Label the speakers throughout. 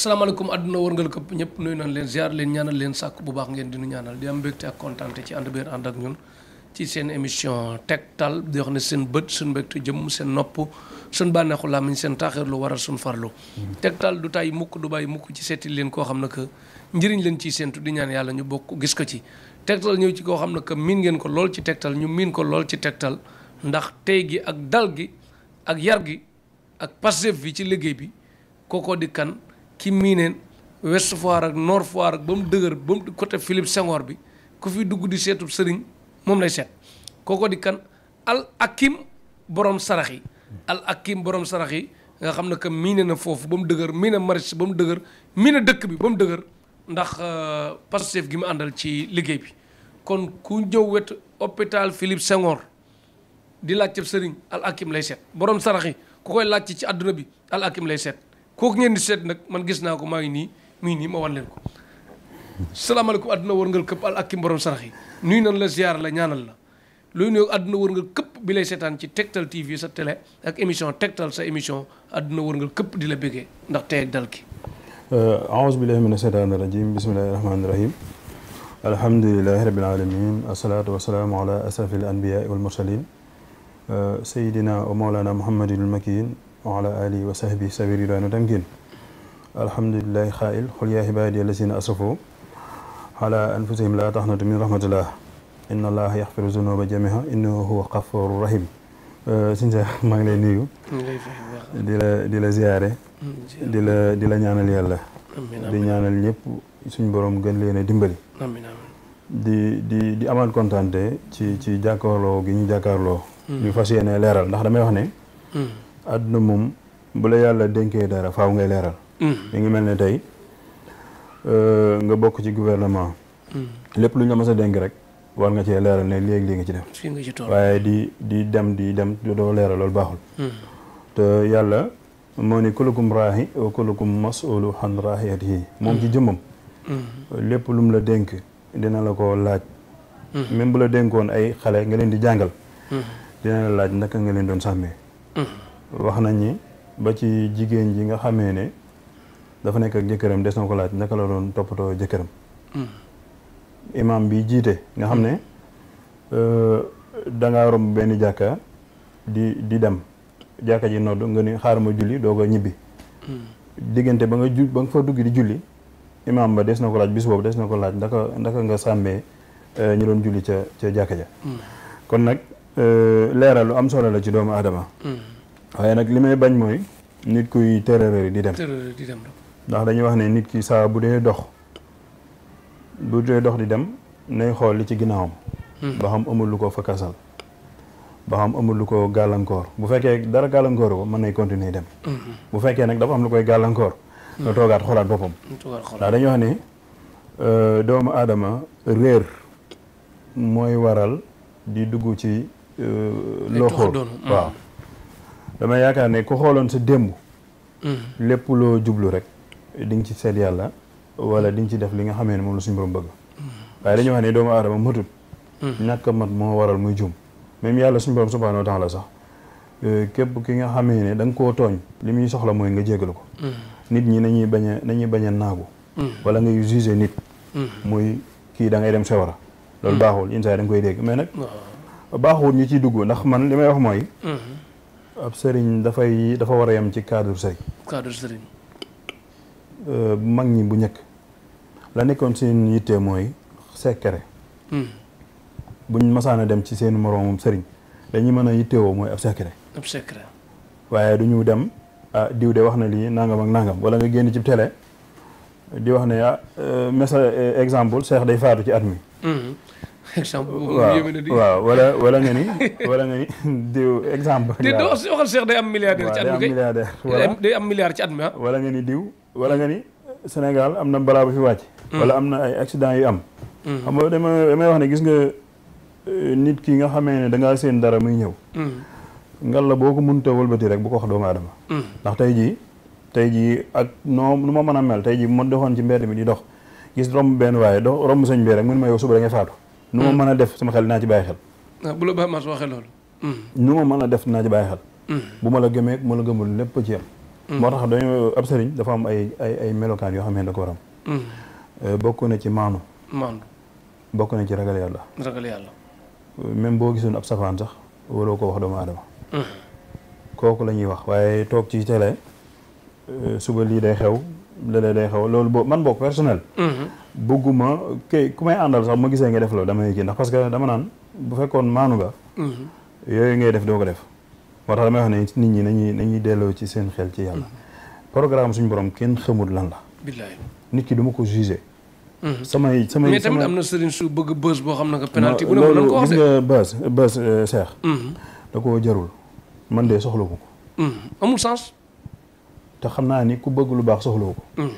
Speaker 1: salaamaaleykum àdduna wërngal këpp ñëpp nuyu nañ leen ziar leen ñaanal leen sàkk bu baax ngeen dinu ñaanal di am mbégte ak kontaante ci ànd beer ànd ak ñun ci seen émission Tektal di wax ne seen bët seen mbégte jëm seen nopp seen bànneexu làmmiñ seen lu waral suñ farlu tegtal du tàyyi mukk du bàyyi mukk ci seeti leen koo xam ne que njëriñ leen ciy seentu di ñaan yàlla ñu bokk gis ko ci Tektal ñëw ci koo xam ne que miin ngeen ko lool ci tegtal ñu miin ko lool ci Tektal ndax tey gi ak dal gi yar gi ak passef bi ci liggéey bi kookoo di kan ki miineen Ouest Foire ak Nord Foire ak ba mu dëgër ba mu côté Philippe Senghor bi ku fi dugg di seetub sëriñ moom lay seet kooko di kan al akim borom sarax yi al akim borom sarax yi nga xam ne que miine na foofu ba mu dëgër miine maris ba mu dëgër miine dëkk bi ba mu dëgër ndax euh, Pastef gi mu àndal ci liggéey bi kon ku ñëw wetu hôpital Philippe Senghor di laajte sëriñ al akim lay seet borom sarax yi ku koy laajte ci àdduna bi al akim lay seet kooku ngeen di seet nag man gis naa ko nii muy nii ma wan leen ko salaamaaleykum àdduna wërngal këpp al ak ki borom sarax yi nuyu nan la ziar la ñaanal la looy nuyoo àdduna wërngal këpp bi lay seetaan ci tegtal TV sa télé ak émission tegtal sa émission àdduna wërngal këpp di la béggee ndax tey ak dal ki
Speaker 2: euh, aouzu billahi mina sheytaani rajim bismillahi rahmaani rahim alhamdulilahi rabbil alamin asalaatu wasalaamu ala wa maolana muhammadinul wa ala alihi wa sahbihi sabiri daan wa tamkin alhamdulilahi xaayil xul yaa ibaadi allazina asrafu ala anfusihim la taxnatu min rahmatillah inna allaha yaxfiru zunuba jamiha innahu huwa xafaru rahim sin euh, sa maa ngi lay nuyu di la di la ziyaare di la di la ñaanal yàlla di ñaanal ñëpp suñ borom gën leen dimbali di di di amaat kontaan ci ci jàkkaarloo gi ñu jàkkaarloo mm. ñu fas yéene leeral ndax damay wax ne mm. àdduna moom bu la yàlla dénkee dara faw ngay leeral. Mm. mi ngi mel ne tey euh, nga bokk ci gouvernement. Mm. lépp lu ñu la mës a dénk rek war nga cee leeral ne léegi lii nga ci def. waaye di di dem di dem doo leeral loolu baaxul. Mm. te yàlla moo ne kulukum raahi wa kulukum mas'ulu an raahiyatihi moom ci jëmmam. lépp lum la dénk dina la ko laaj. même bu la dénkoon ay xale nga leen di jàngal. dina la laaj naka nga leen doon sàmmee. wax nañ ni ba ci jigéen ji nga xamee ne dafa nekk jëkkëram des na ko laaj naka la doon toppatoo jëkkëram hmm. imam bi jiite nga xam ne euh, dangaa romb benn jàkka di di dem jàkka ji nodd nga ni xaar ma julli doo ko ñibbi hmm. diggante ba nga ju ba nga fa dugg di julli imaam ba des na ko laaj bis boobu des na ko laaj ndaka ndaka nga sàmmee euh, ñu doon julli ca ca jàkka ja hmm. kon nag euh, leeral lu am solo la ci doomu aadama waaye nag li may bañ mooy nit kuy terreur di dem di dem ndax dañuy wax ne nit ki saa bu dee dox bu dee dox di dem nay xool li ci ginnaawam hmm. ba xam amul lu ko fa kasal ba xam amul lu ko gàllankoor bu fekkee dara gàllankooru ko mën nay continuer dem hmm. bu fekkee nag dafa am lu koy gàllankoor hmm. na toogaat xoolaat boppam ndax dañuy wax ne euh, doomu aadama réer mooy waral di dugg ci euh, loxo waaw dama yaakaar ne ku xooloon sa démb. Mm. lépp loo jublu rek di nga ci seet yàlla wala mm. di nga ci def li nga xamee ne moom la suñu borom bëgg. Mm. waaye dañuy wax ne doomu aadama matut. ñàkk mat moo waral muy jum. même yàlla suñ borom subhaanahu tax la sax euh, képp ki nga xamee ne da nga koo tooñ. li muy soxla mooy nga jégalu ko. nit ñi nañuy bañ a nañuy bañ a naagu. wala ngay juger nit. muy kii da ngay dem sawara. loolu baaxul yenn saa yi koy dégg mais nag. baaxul ñu ciy dugg ndax man li wax mooy. ab sëriñ dafay dafa war a yem ci cadre sëriñ. cadre sëriñ. Euh, mag ñi bu njëkk la nekkoon seen yitte mooy secret. Hmm. buñ masaana dem ci seen moroomum sëriñ dañuy mën a yittewoo mooy ab secret. ab waaye du ñu dem ah diw de wax na lii nangam ak nàngam wala nga génn cib tele di wax ne ah euh, message euh, exemple Cheikh day faatu ci at mi. Hmm. chambre
Speaker 1: boobu waaw
Speaker 2: wala wala nga ni wala nga ni diw exemple. waaw doo
Speaker 1: waxal Cheikh day am milliardaire. ci at mi kay
Speaker 2: day am milliard ci nga ni diw wala nga ni Sénégal am na balaa bu fi wàcc. Hmm. wala am na ay accident yu am. Hmm. xam nga dama damay wax ne gis nga euh, nit ki nga xamee ne da ngaa seen dara muy ñëw. Hmm. ngal la boo ko mënta wëlbati rek bu ko wax doomu aadama. ndax tey jii tey jii ak noo nu ma mën a mel tey jii ma doxoon ci mbedd mi di dox gis romb benn waaye dox romb sëñ bi rek mu ma yow suba da ngay nu ma mën a def sama xel naa ci bàyyi xel.
Speaker 1: bu la Baye Mansour waxee loolu.
Speaker 2: nu ma mën a def naa ci bàyyi xel. bu ma la gëmee bu ma la gëmul lépp ci yam hmm. moo tax dañu ab sëriñ dafa am ay ay melokaan yoo xam ne ko waram hmm. euh, bokk na ci maanu. maanu. na ci ragal yàlla. yàlla. Euh, même boo gisoon ab safaan sax waroo ko wax doomu aadama. Hmm. kooku la ñuy wax waaye toog ci télé euh, suba lii day xew léeg-léeg day xew loolu boo man boo personnel. bëgguma kay ku may àndal sax ma gisee nga def loolu damay kii ndax parce que dama naan bu fekkoon maanu nga mhm. yooyu ngay def doo ko def moo tax damay wax ne nit ñi nañuy nañuy delloo ci seen xel ci yàlla mhm. programme suñu borom kenn xamul lan la nit ki duma ko jugé mhm. samay samay mais tamit am
Speaker 1: na sëriñ su bëgg bës boo xam ne que penalty bu ne ko ko wax nga
Speaker 2: bës bës seex da koo jarul man de soxla ko amul sens te xam naa ni ku bëgg lu baax soxla ko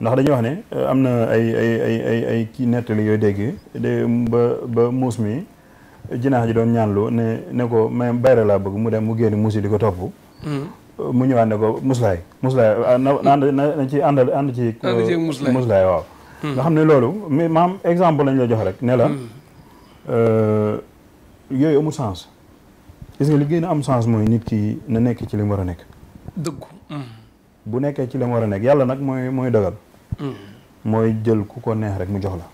Speaker 2: ndax dañuy wax ne euh, am na ay ay ay ay ay kii nettali yooyu dégg de ba ba muus mi jinaax ji doon ñaanlu ne ne ko même bayra laa bëgg mu dem mu génn muus yi di ko topp hmm. mu ñëwaat ne ko muslaay muslaay ah, na na ci ànd ànd ci muslaay waaw hmm. nga xam ne loolu mais maam exemple lañ la jox rek ne la hmm. euh, yooyu amul sens gis nga li gën a am sens mooy nit ki na nekk ci li war a nekk dëgg bu nekkee ci li mu war a nekk yàlla nag mooy mooy dogal mooy jël ku ko neex rek mu jox la.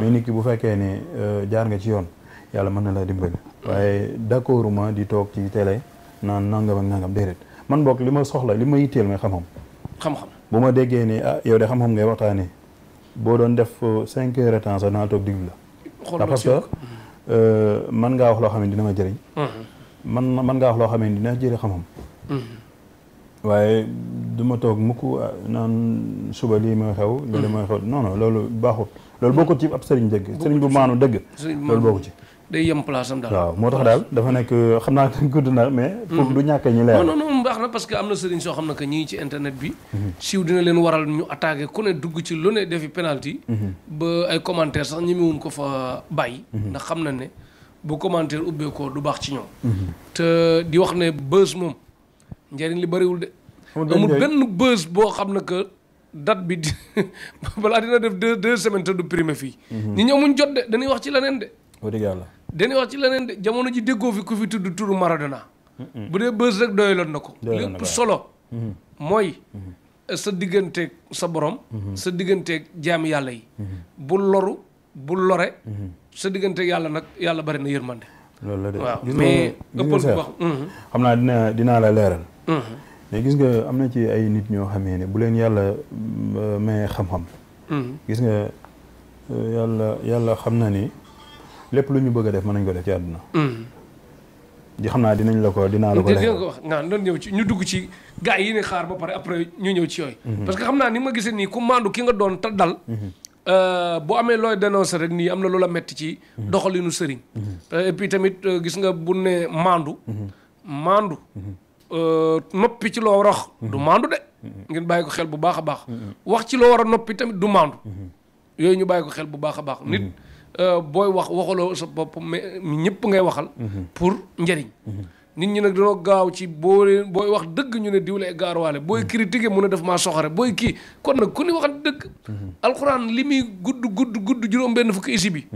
Speaker 2: mais nit ki bu fekkee ne euh, jaar nga ci yoon yàlla mën na la dimbali. waaye d'accord ma di toog ci télé naan nangam ak nangam déedéet man boog li ma soxla li ma yitteel mooy xam-xam. xam-xam bu ma déggee ni ah yow de xam-xam ngay waxtaanee boo doon def euh, cinq heures de temps sax naa toog digg la. parce que euh, man ngaa wax loo xam ne dina ma jëriñ. man mm-hmm. man ngaa wax loo xam ne dina jëriñ xam-xam. Mm-hmm. waaye du ma toog mukk ah, naan suba lii ma xew mm-hmm. lii la mooy xew non non loolu baaxut loolu boo ko ci ab sëriñ dëgg sëriñ bu maanu dëgg loolu boo ko ci
Speaker 1: day yem place am daal moo tax daal
Speaker 2: dafa nekk xam naa gudd na mais pour mm-hmm. du ñàkk ñi leer non
Speaker 1: non baax na parce que am na sëriñ xam ne que ñi ngi ci internet bi mm-hmm. siiw dina leen waral ñu attaqué ku ne dugg ci lu ne defi penalty ba ay commentaire sax ñemewuñ ko fa bàyyi ndax xam na ne bu commentaire ubbeekoo du baax ci ñoom te di wax ne bës moom njëriñ li bariwul de amul benn bës boo xam ne que date bi balaa dina def deux deux semaines te du primé fii. Mhm. ñi ñëw muñ jot de dañuy wax ci leneen de. wax dëgg yàlla. dañuy wax ci leneen de jamono ji déggoo fi ku fi tudd turu Maradona. Mhm. bu dee bës rek doyaloon na ko. lépp solo. Mhm. mooy. sa digganteeg sa borom. sa digganteeg jaam yàlla yi. bu loru bu lore. sa digganteeg yàlla nag yàlla bari na yërmande.
Speaker 2: loolu la de waaw mais ëppal bu baax. xam naa dina dinaa la leeral. mais gis nga am na ci ay nit ñoo xamee ne bu leen yàlla euh, mais xam-xam. Hmm. gis nga euh, yàlla yàlla xam na ni lépp lu ñu bëgg a def mën nañ ko def ci àdduna. di hmm. xam naa dinañ la ko dinaa la ko. dinañ
Speaker 1: ko wax nga doon ñëw ci ñu dugg ci gars yi ni xaar ba pare après ñu ñëw ci yooyu. Hmm. parce que xam naa ni ma gise nii ku maandu ki nga doon te dal. Euh, bu amee looy dénoncé rek nii am na loola metti ci. doxalinu sëriñ. et tamit gis nga bu ne maandu. maandu. Euh, noppi ci loo war a du mhm. maandu de mhm. ngeen bàyyi ko xel bu baax a baax mhm. wax ci loo war a noppi tamit du maandu yooyu ñu bàyyi ko xel bu baax a baax nit euh, booy wax waxaloo sa bopp mais ñëpp ngay waxal pour njëriñ nit ñi nag dañoo gaaw ci boo leen booy wax dëgg ñu ne diwlee gaaruwaale booy kii critiquer mun a def maa soxare booy kii kon nag ku ni waxal dëgg alxuraan li muy gudd gudd gudd juróom benn fukki isi bi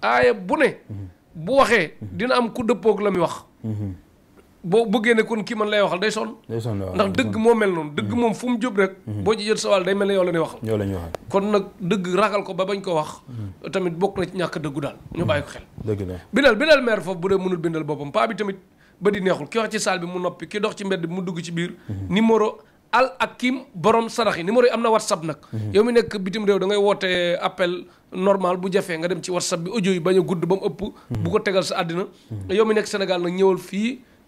Speaker 1: aaya bu ne bu waxee dina am ku dëppoog la muy wax boo bëggee ne kon kii man lay waxal day son
Speaker 2: day sonn waaw ndax
Speaker 1: dëgg moo mel noonu. dëgg mm-hmm. moom fu mu jub rek. Mm-hmm. boo ci jot sa wàll day mel ne yow la ñuy waxal. yow la ñuy waxal kon nag dëgg ragal ko ba bañ ko wax. Mm-hmm. tamit bokk na ci ñàkk dëggu daal. ñu bàyyi ko xel. dëgg la maire foofu bu dee mënul bindal boppam paa bi ba di neexul ki wax ci saal bi mu noppi ki dox ci mbedd bi mu dugg ci biir. numéro al akim borom sarax yi numéro yi am na whatsapp nag. yow mi nekk bitim réew da ngay woote appel. normal bu jafee nga dem ci whatsapp bi ojo yi bañ a gudd ba mu ëpp. bu ko tegal sa àddina. yow mi nekk Sénégal nag ñëwal fii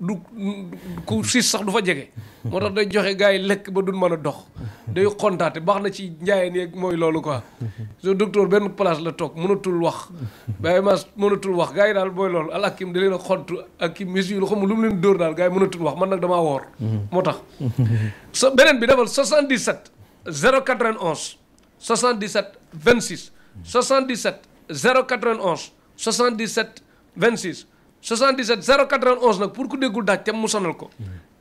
Speaker 1: du ku siis sax du fa jege moo tax day joxe gars yi lekk ba duñ man a dox day xontaate baax na ci njaayeen yeeg mooy loolu quoi so docteur benn place la toog mënatul wax bàyyi ma mënatul wax gaa yi daal mooy loolu al akim da xont a xontu ak ki mesure xam lu mu leen dóor daal gars yi mënatul wax man nag damaa woor moo tax so beneen bi defal 77 091 77 26 77 091 77 26 77 091 nag pour ku déggul daaj te mu sonal ko.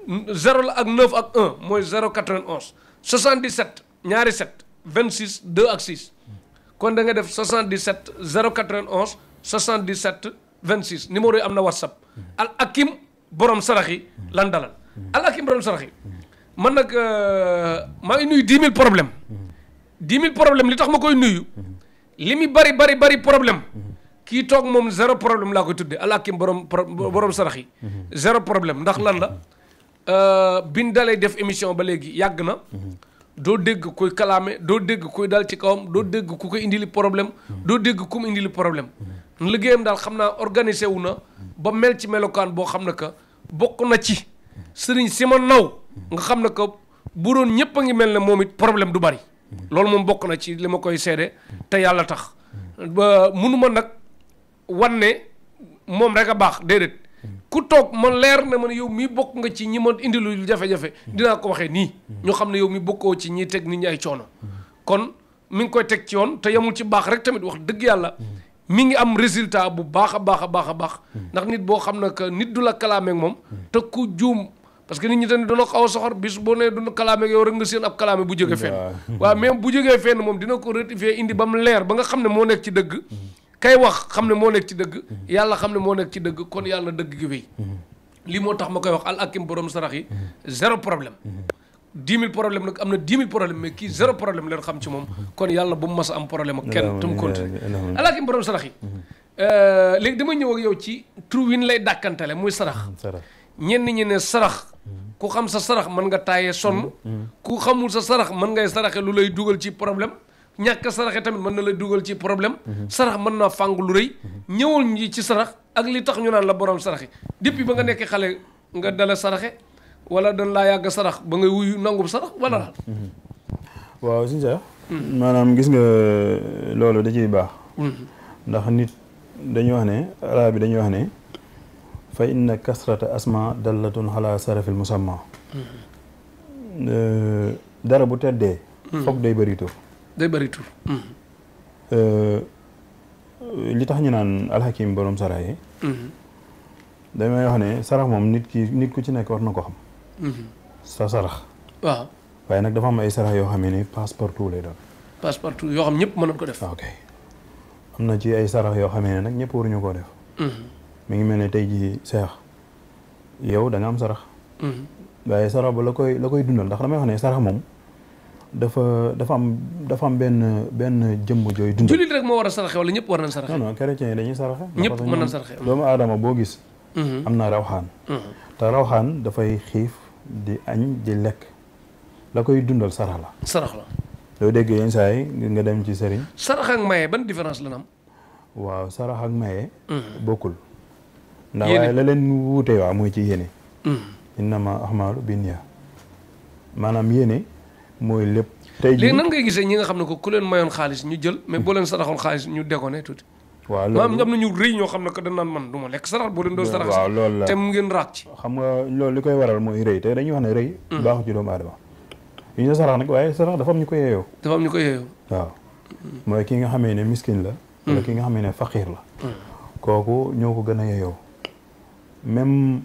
Speaker 1: 0 la ak 9 ak 1 mooy 091. 77 ñaari 7 26 2 ak 6 kon da nga def 77 091 77 26 numéro yi am na whatsapp. al akim borom sarax yi lan dalal. al akim borom sarax yi man nag euh, maa ngi nuyu 10 000 problèmes. 10 000 problèmes li tax ma koy nuyu. li muy bari bari bari problème. kii toog moom zéro problème laa koy tudde alaakim borom borom sarax yi. zéro problème ndax lan la euh, biñ dalee def émission ba léegi yàgg na. doo dégg kuy kalaame doo dégg kuy dal ci kawam doo dégg ku koy indili problème doo dégg ku indili problème liggéeyam daal xam naa organisé wu na ba mel ci melokaan boo xam na que bokk na ci sëriñ si ma naw nga xam ne que bu doon ñëpp ngi mel ne moom it problème du bari loolu moom bokk na ci li ma koy seede te yàlla tax wan ne moom rek a baax déedéet hmm. ku toog man leer na man yow mii bokk nga ci ñi ma indi lu jafe-jafe hmm. dinaa ko waxee nii hmm. ñu xam ne yow mi bokkoo ci ñi teg nit ñi ay coono kon mi ngi koy teg ci yoon te yemul ci baax rek tamit wax dëgg yàlla mi ngi am résultat bu baax a baax a baax a baax ndax nit boo xam ne que nit du la kalaamee ak moom te ku juum parce que nit ñi dañu doon xaw a soxor bis boo nee dund kalaame ak yow rek nga seen ab kalaame bu jógee fenn waaw bu jógee fenn moom dina ko rectifier indi ba mu leer ba nga xam ne moo nekk ci dëgg kay wax xam ne moo nekk ci dëgg yàlla xam ne moo nekk ci dëgg kon yàlla dëgg ki wéy lii moo tax ma koy wax al akim borom sarax yi zéro problème dix mille problème nag am na dix mille problème mais kii zéro problème leen xam ci moom kon yàlla bu mu mas a am problème ak kenn tam continue al akim borom sarax yi euh, léegi dama ñëw ak yow ci tur win lay dàkkantale muy mm, sarax ñenn ñi ne sarax ku xam sa sarax mën nga taaye sonn mm, mm. ku xamul sa sarax mën ngay saraxe lu lay dugal ci problème ñàkk saraxe tamit mën na la dugal ci problème sarax mën naa fàng lu rëy ñëwal ñi ci sarax ak li tax ñu naan la borom saraxe depuis ba nga nekkee xale nga dala saraxe wala dañ laa yàgg sarax ba ngay wuyu nangub sarax wala la
Speaker 2: waaw suñu sa hmm. maanaam gis nga euh, loolu da ciy baax hmm. ndax nit dañuy wax ne arab bi dañuy wax ne fa inna kasrata asma dallatun ala sarafil musamma
Speaker 1: hmm.
Speaker 2: euh, dara bu teddee foog day bëri day bëri euh, li tax ñu naan alxakim borom sarax yi. damay wax ne sarax moom nit ki nit ku ci nekk war na ko xam. sa sarax. waaw waaye nag dafa am ay sarax yoo xam ne passe partout lay doon.
Speaker 1: passe yoo xam ñëpp mënoon ko def. ok
Speaker 2: am na ci ay sarax yoo xam ne nag ñëpp waruñu koo def. mi ngi mel ne tey jii seex yow da nga am sarax. Mm-hmm. waaye sarax ba la koy la koy dundal ndax damay wax ne sarax moom. dafa dafa am dafa am benn benn jëmm jooy dund.
Speaker 1: jullit rek moo war a saraxe wala ñëpp war nañ saraxe. dañuy saraxe. ñëpp mën nañ saraxe
Speaker 2: doomu aadama boo gis. Mhm. am na rawxaan. Mhm. te rawxaan dafay xiif di añ di lekk la koy dundal sarax la. sarax la. loo dégg yenn saa nga dem ci sëriñ.
Speaker 1: sarax ak ba ban différence la am.
Speaker 2: waaw sarax ak mhm. bokkul. ndax waaye la leen wuute waa muy ci yéene. innama ahmaalu binniya maanaam yéene. mooy lépp. tey jii léegi nan
Speaker 1: ngay gisee ñi nga xam ne ko ku leen mayoon xaalis ñu jël mais boo leen saraxoon xaalis ñu déconné tuuti.
Speaker 2: waaw loolu maanaam am
Speaker 1: na ñu rëy ñoo xam ne que dañ naan man du ma lekk sarax boo leen doon sarax. waaw loolu la te mu ngeen raak
Speaker 2: ci. xam nga loolu li koy waral mooy rëy te dañuy wax ne rëy. Mm. baaxul ci doomu aadama. yu ñu sarax nag waaye sarax dafa am ñu ko yeeyoo. dafa am ñu ko yeeyoo. mooy ki nga xamee ne miskin la. Mm. wala ki nga xamee ne faqiir la. Mm. kooku ñoo ko gën a yeeyoo. même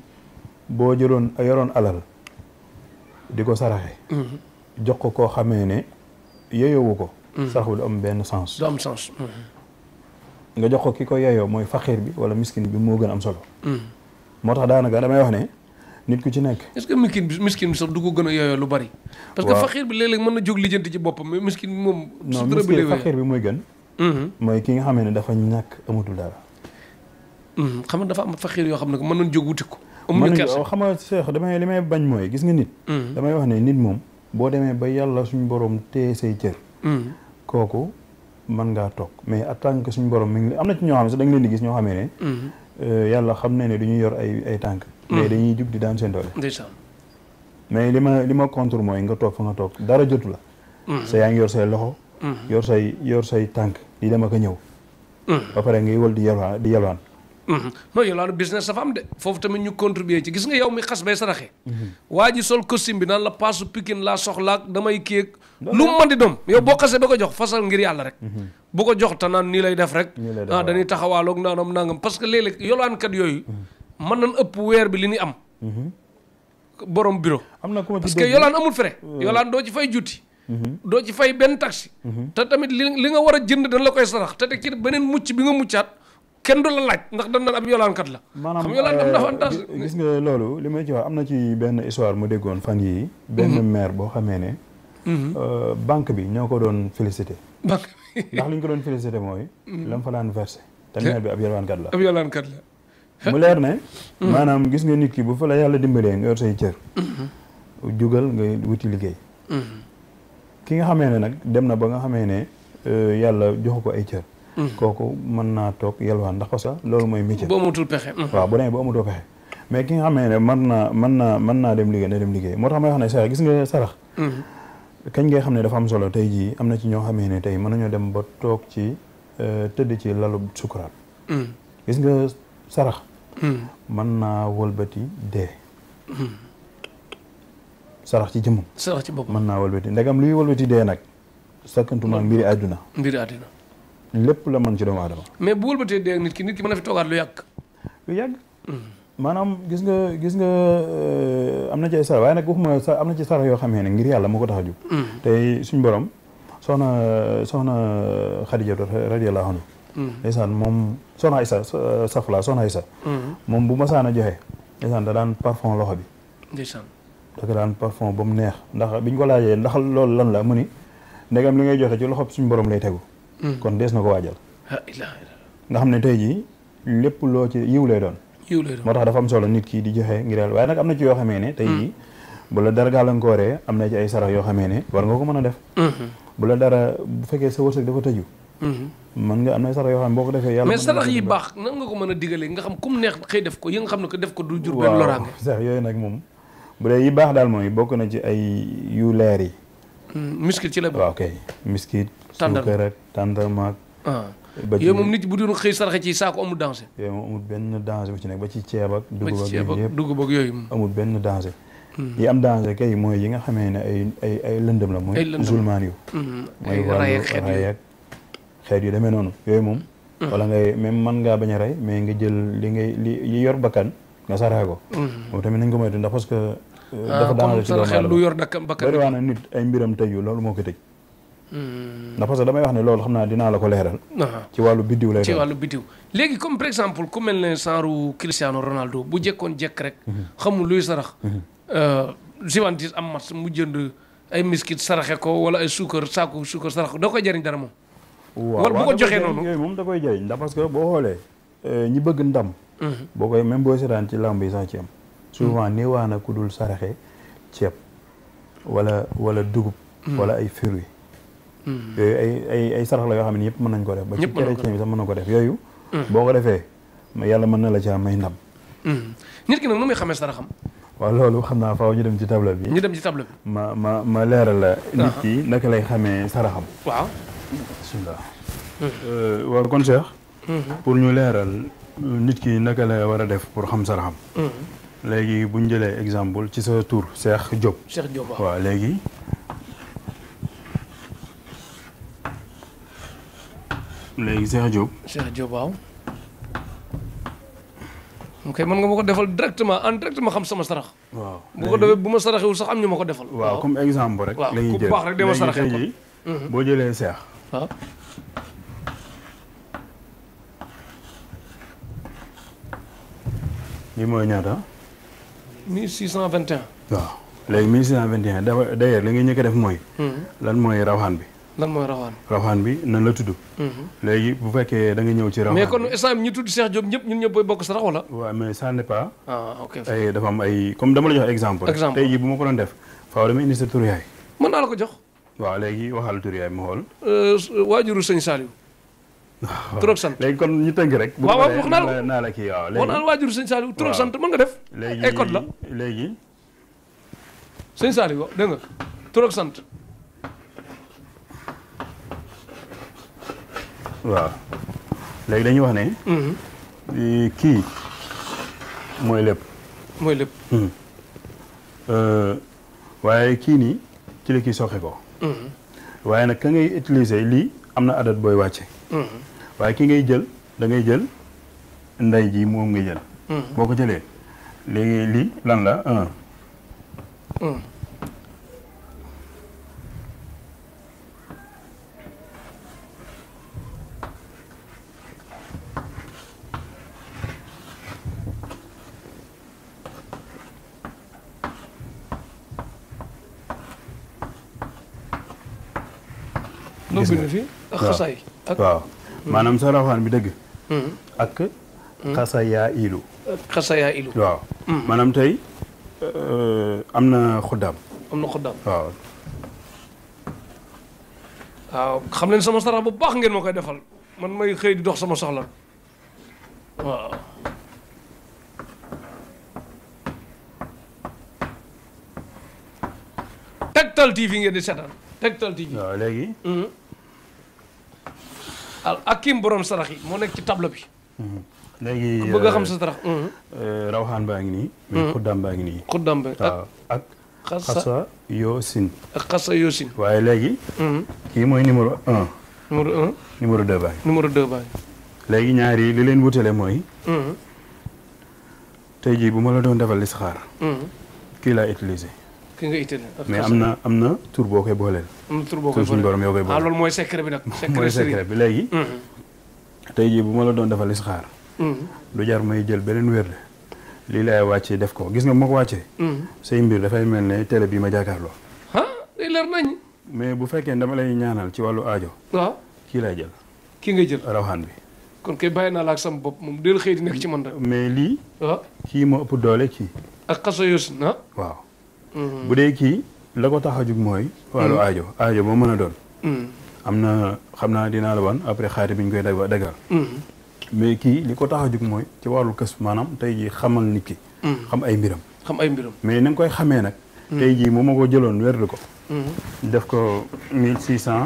Speaker 2: boo jëloon yoroon alal ko saraxe. Mm-hmm. jox ko koo xamee ne yeyowu ko. sarax bi du am benn sens. du am sens. Mm-hmm. nga jox ko ki ko yeyoo mooy faqiir bi wala miskin bi moo gën am solo. Mm-hmm. moo tax daanaka damay wax ne nit ku ci nekk.
Speaker 1: est miskin bi miskin bi sax du ko gën a yeyoo lu bari. parce que faqiir bi léeg-léeg mën na jóg lijjanti ci boppam miskin bi moom. non bi
Speaker 2: mooy gën. Mm-hmm. mooy ki nga xamee ne dafa ñàkk amatul dara.
Speaker 1: xam nga dafa yoo xam ne mën nañ jóg wuti ko. amuñu kersa
Speaker 2: mën damay li may bañ mooy gis nga nit. damay wax ne nit moom. boo demee ba yàlla suñu borom téye say cër. Mm. kooku mën ngaa toog mais en tant que suñu borom mi ngi am na ci ñoo xam ne sax da leen di gis ñoo xamee ne. Mm. Euh, yàlla xam na ne du ñu yor ay ay tànk. Mm. mais dañuy jub di daan seen doole. mais li ma li ma contre mooy nga toog fa nga toog dara jotu
Speaker 1: la. sa yaa
Speaker 2: ngi yor say loxo. yor say yor say tànk di dem ak ñëw. ba pare ngay wal di yalwaan di yalwaan.
Speaker 1: Mhm. non yow laa business dafa am de foofu tamit ñu contribuer ci gis nga yow mi xas bay saraxe mhm. waa ji sol costume bi naan la paasu pikin laa soxlaak damay kéeg lu mu mën di doom yow boo xasee ba ko jox fasal ngir yàlla rek mhm. bu ko jox te naan nii lay def rek taxawaalook ah, dañuy taxawaaloog naanam nangam parce que léeg-léeg yolaankat yooyu man na ëpp weer bi li ñuy am borom bureau
Speaker 2: am na parce que yolaan amul
Speaker 1: frais euh. yolaan doo ci fay juuti doo ci fay benn taxi te tamit li li nga war a jënd dañ la koy sarax te te ci beneen mucc bi nga muccaat kenn du la laaj ndax dañ naan ab yolaankat la. maanaam xam yolaan am na avantage. Euh,
Speaker 2: gis nga loolu li may ci wax am na ci benn histoire mu déggoon fan yii. Mhm. benn maire boo xamee ne. Mhm. Euh, banque bi ñoo ko doon félicité. banque bi ndax li ñu ko doon félicité mooy. Mhm. lam mu fa daan versé. te maire bi ab yolaankat la ab yolaankat la. mu leer ne. maanaam gis nga nit ki bu fa la yàlla dimbalee nga yor say cër. jugal nga wuti liggéey. ki nga xamee ne nag dem na ba nga xamee ne euh, yàlla joxu ko ay cër. kooku mën naa toog yelwaan ndax parce que loolu mooy métier. bu
Speaker 1: amatul pexe. Mm-hmm. waaw bu demee
Speaker 2: bu amatul pexe mais ki nga xamee ne man naa man naa mën naa dem liggéey na dem liggéey moo tax may wax ne sarax gis nga sarax.
Speaker 1: Mm-hmm.
Speaker 2: kañ ngay xam ne dafa am solo tey jii am na ci ñoo xamee ne tey mën nañoo dem ba toog ci euh, tëdd ci lalu sukuraat. Mm-hmm. gis nga sarax. man naa walbati dee. sarax ci jëmm. sarax ci boppam mën naa wëlbati ndegam luy wëlbati dee nag. sakkantuma mbiri àdduna. mbiri àdduna. lépp la mën ci doomu aadama.
Speaker 1: mais bu wëlbatee dee nit ki nit ki mën na fi toogaat lu yàgg.
Speaker 2: lu yàgg. maanaam gis nga gis nga euh, am na ci ay sarax nag waxuma sa am na ci sarax yoo xam ne ngir yàlla moo ko tax a jóg. Mm. tey suñu borom soxna soxna Xadija radiyallahu anha. Mm. ndeysaan moom soxna Aysa safla soxna Aysa. Mm. moom bu masaan a joxe. ndeysaan da daan parfum loxo bi. ndeysaan. da ko daan parfum ba mu neex ndax biñ ko laajee ndax loolu lan la mu ni ndegam li ngay joxe ci loxo suñu borom lay tegu. Mm. kon dees na ko waajal. Ah, nga xam ne tey jii lépp loo ci yiw lay doon. yiw lay moo tax dafa am solo nit kii di joxe ngir waaye nag am na ci yoo xamee ne. tey jii bu la dara gàllankooree am na ci ay sarax yoo xamee ne war nga ko mën a def. Mm-hmm. bu la dara bu fekkee sa wërsëg dafa tëju. Mm-hmm. mën nga am na sarax yoo xam ne boo ko defee yàlla mais sarax
Speaker 1: yi baax nan nga ko mën a digalee nga xam kum neex xëy def ko yi xam ne ko def ko du jur benn loraange
Speaker 2: sax yooyu nag moom bu dee yi baax daal mooy bokk na ci ay yu leer yi
Speaker 1: Mm, miskit ci la bokk. waaw kay
Speaker 2: miskit. suukar ak tàndarmaak. Ah. ba yooyu moom nit bu doon xëy saraxe ci saako amul danger. yooyu moom amul benn danger bu ci nekk ba ci ceeb ak. dugub ak yooyu yëpp dugub ak yooyu amul benn danger. yi mm. am danger kay mooy yi nga xamee ne ay ay ay lëndëm la. ay lëndëm mm-hmm. mooy zulmaan yu. ay ray ak xeet yu xeet yu demee noonu yooyu moom. Mm. wala ngay même man ngaa bañ a rey mais nga jël li ngay li yor bakkan nga saraxe ko. Mm-hmm. moom tamit nañ ko moytu ndax parce Ah, dafa daanaka ci doomu aadama du yor dakkam bakkan bari nit ay mbiram tëju loolu moo ko tëj.
Speaker 1: Hmm.
Speaker 2: ndax parce damay wax ne lool xam naa dinaa la ko leeral. ci wàllu biddiw lay ci wàllu
Speaker 1: biddiw léegi comme par exemple ku mel ne saaru Cristiano Ronaldo bu jekkoon jekk rek. Mhm. xamul luy sarax. Mhm. Euh, Juventus am match mu jënd ay miskit saraxe ko wala ay suukar saaku suukar sarax ko da koy jëriñ dara
Speaker 2: moom. waaw bu ko joxee noonu yooyu moom da koy jëriñ ndax parce boo xoolee euh, ñi bëgg ndam. Mhm. boo koy même boo souvent waa na ku dul saraxe ceeb wala wala dugub hmm. wala ay fruits hmm. yooyu ay ay ay sarax la yoo xam ne ñëpp mën nañ ko def ba ci chrétien bi sax mën na ko def yooyu hmm. boo ko defee yàlla mën na la caa may ndam
Speaker 1: nit ki nag nu muy xamee saraxam
Speaker 2: waaw loolu xam naa faaw ñu dem ci table bi ñu dem ci table bi ma ma ma leeral la ah. nit ki naka lay xamee saraxam waaw bismillah euh, waaw kon Cheikh pour ñu leeral euh, nit ki naka la war a def pour xam saraxam léegi bu ñu jëlee exemple ci sa tur Cheikh Diop. Cheikh Diop waaw waaw léegi. léegi Cheikh Diop.
Speaker 1: Cheikh Diop waaw. ok mën nga ma ko defal directement en directement xam sama sarax.
Speaker 2: waaw bu ko defee
Speaker 1: bu ma saraxewul sax am ñu ma ko defal. waaw comme exemple rek. la ñuy jël ku baax rek dama saraxee ko
Speaker 2: mhm. boo jëlee Cheikh. waaw. lii mooy ñaata.
Speaker 1: 1621.
Speaker 2: waaw léegi 1621 dafa d'ailleurs li nga ñëkk a def mooy. Hmm. lan mooy rawxaan bi. lan mooy rawxaan. rawxaan bi nan la tudd. Hmm. léegi bu fekkee da nga ñëw ci rawxaan. mais kon
Speaker 1: instant ñi tudd Cheikh Diop ñëpp ñun ñëpp
Speaker 2: bokk sarax wala. waaw mais ça n'est pas. ah ay comme dama la jox exemple. exemple tey jii bu ma ko doon def faaw dama a sa tur yaay. mën naa la ko jox. waaw léegi waxal tur yaay ma xool.
Speaker 1: Euh, waajuru sëñ Saliou.
Speaker 2: Ah, tur ak sant léegi kon ñu tënk rek. bu waaw wax naa la kii waaw léegi wax naa la waajur sëñ Saliou sant mën nga def. léegi école la léegi.
Speaker 1: sëñ Saliou sant.
Speaker 2: waaw léegi dañuy wax ne. Mhm. kii mooy lépp. mooy lépp. Mhm. Euh, waaye kii nii ci la kii soxe ko. Mhm. waaye nag ka ngay utiliser lii am na adat booy wàcce. waaye ki ngay jël da jël ndey ji moom nga jël. Mm-hmm. boo ko jëlee léegi lii lan la un. Mm. gis waaw maanaam sa bi dëgg hmm. ak hmm. xasayaa ilu
Speaker 1: xasayaa waaw hmm. maanaam
Speaker 2: tey euh, am na xuddaam
Speaker 1: am na xuddaam waaw xam leen sama sarax bu baax ngeen ma koy defal man may xëy di dox sama soxla waaw Tektal TV ngeen di seetaan Tektal TV waaw léegi al akim borom sarax yi moo nekk ci table bi.
Speaker 2: Mhm. léegi bëgg a euh, sarax. Mhm. Euh, rawxaan baa ngi nii. mais xuddaam mhm. baa ngi nii. xuddaam baa waaw ak. ak xasa yoo waaye léegi. kii mooy numéro un. numéro un. numéro deux baa ngi. léegi ñaar yi li leen wutale mooy. tey jii bu ma la doon defal listixaar. kii laa utiliser.
Speaker 1: ki mais am na
Speaker 2: am na tur boo koy booleel.
Speaker 1: am na tur boo koy booleel suñu bi nag. mooy secret bi léegi. Mm-hmm.
Speaker 2: tey jii bu ma la doon defal isxaar. Mm-hmm. lu jar may jël beneen wér la lii laay wàccee def ko gis nga bu ma ko wàccee. Mm-hmm. say mbir dafay mel ne télé bi ma jàkkaarloo. ah day leer mais bu fekkee dama lay ñaanal ci wàllu aajo. waaw kii lay jël. kii nga jël rawxaan bi. kon kay bàyyi naa la ak sama bopp moom del xëy di nekk ci man rek. mais lii. kii moo ëpp doole kii.
Speaker 1: ak xaso yoosin ah. waaw. Mm-hmm. bu
Speaker 2: dee kii la ko tax a jug mooy. wàllu mm-hmm. aajo aajo boo mën a doon. Mm-hmm. am na xam naa dinaa la wan après xaari bi ñu koy dagal. mais kii li ko tax a jug mooy ci wàllu kës maanaam tey jii xamal nit ki. xam ay mbiram. xam ay mbiram mais na koy xamee nag. tey jii moom ma ko jëloon wérdu ko. def ko mille six cent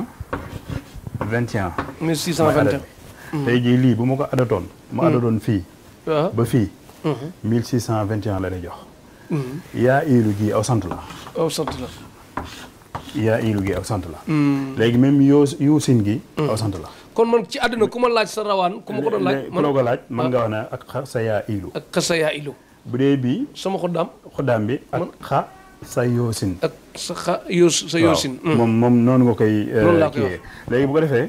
Speaker 2: vingt et un. mille six cent vingt et un tey jii lii bu ma ko adatoon. ma adatoon fii. Ah. ba fii. mille six cent vingt et un la lay jox. Mm-hmm. yaa iilu gi aw sant la. aw sant la. yaa iilu mm. gi aw sant la. léegi même yoo gi. aw sant la.
Speaker 1: kon man ci àddina ku ma laaj sa rawaan ku ma ko doon laaj. man ku ko laaj nga ah. wax ne ak xa
Speaker 2: sa yaa iilu. bu dee bii. sama xoddaam xoddaam bi ak xa sa yoo siin. ak sa xa yoo mm. moom moom noonu nga koy. noonu euh, léegi bu ko defee.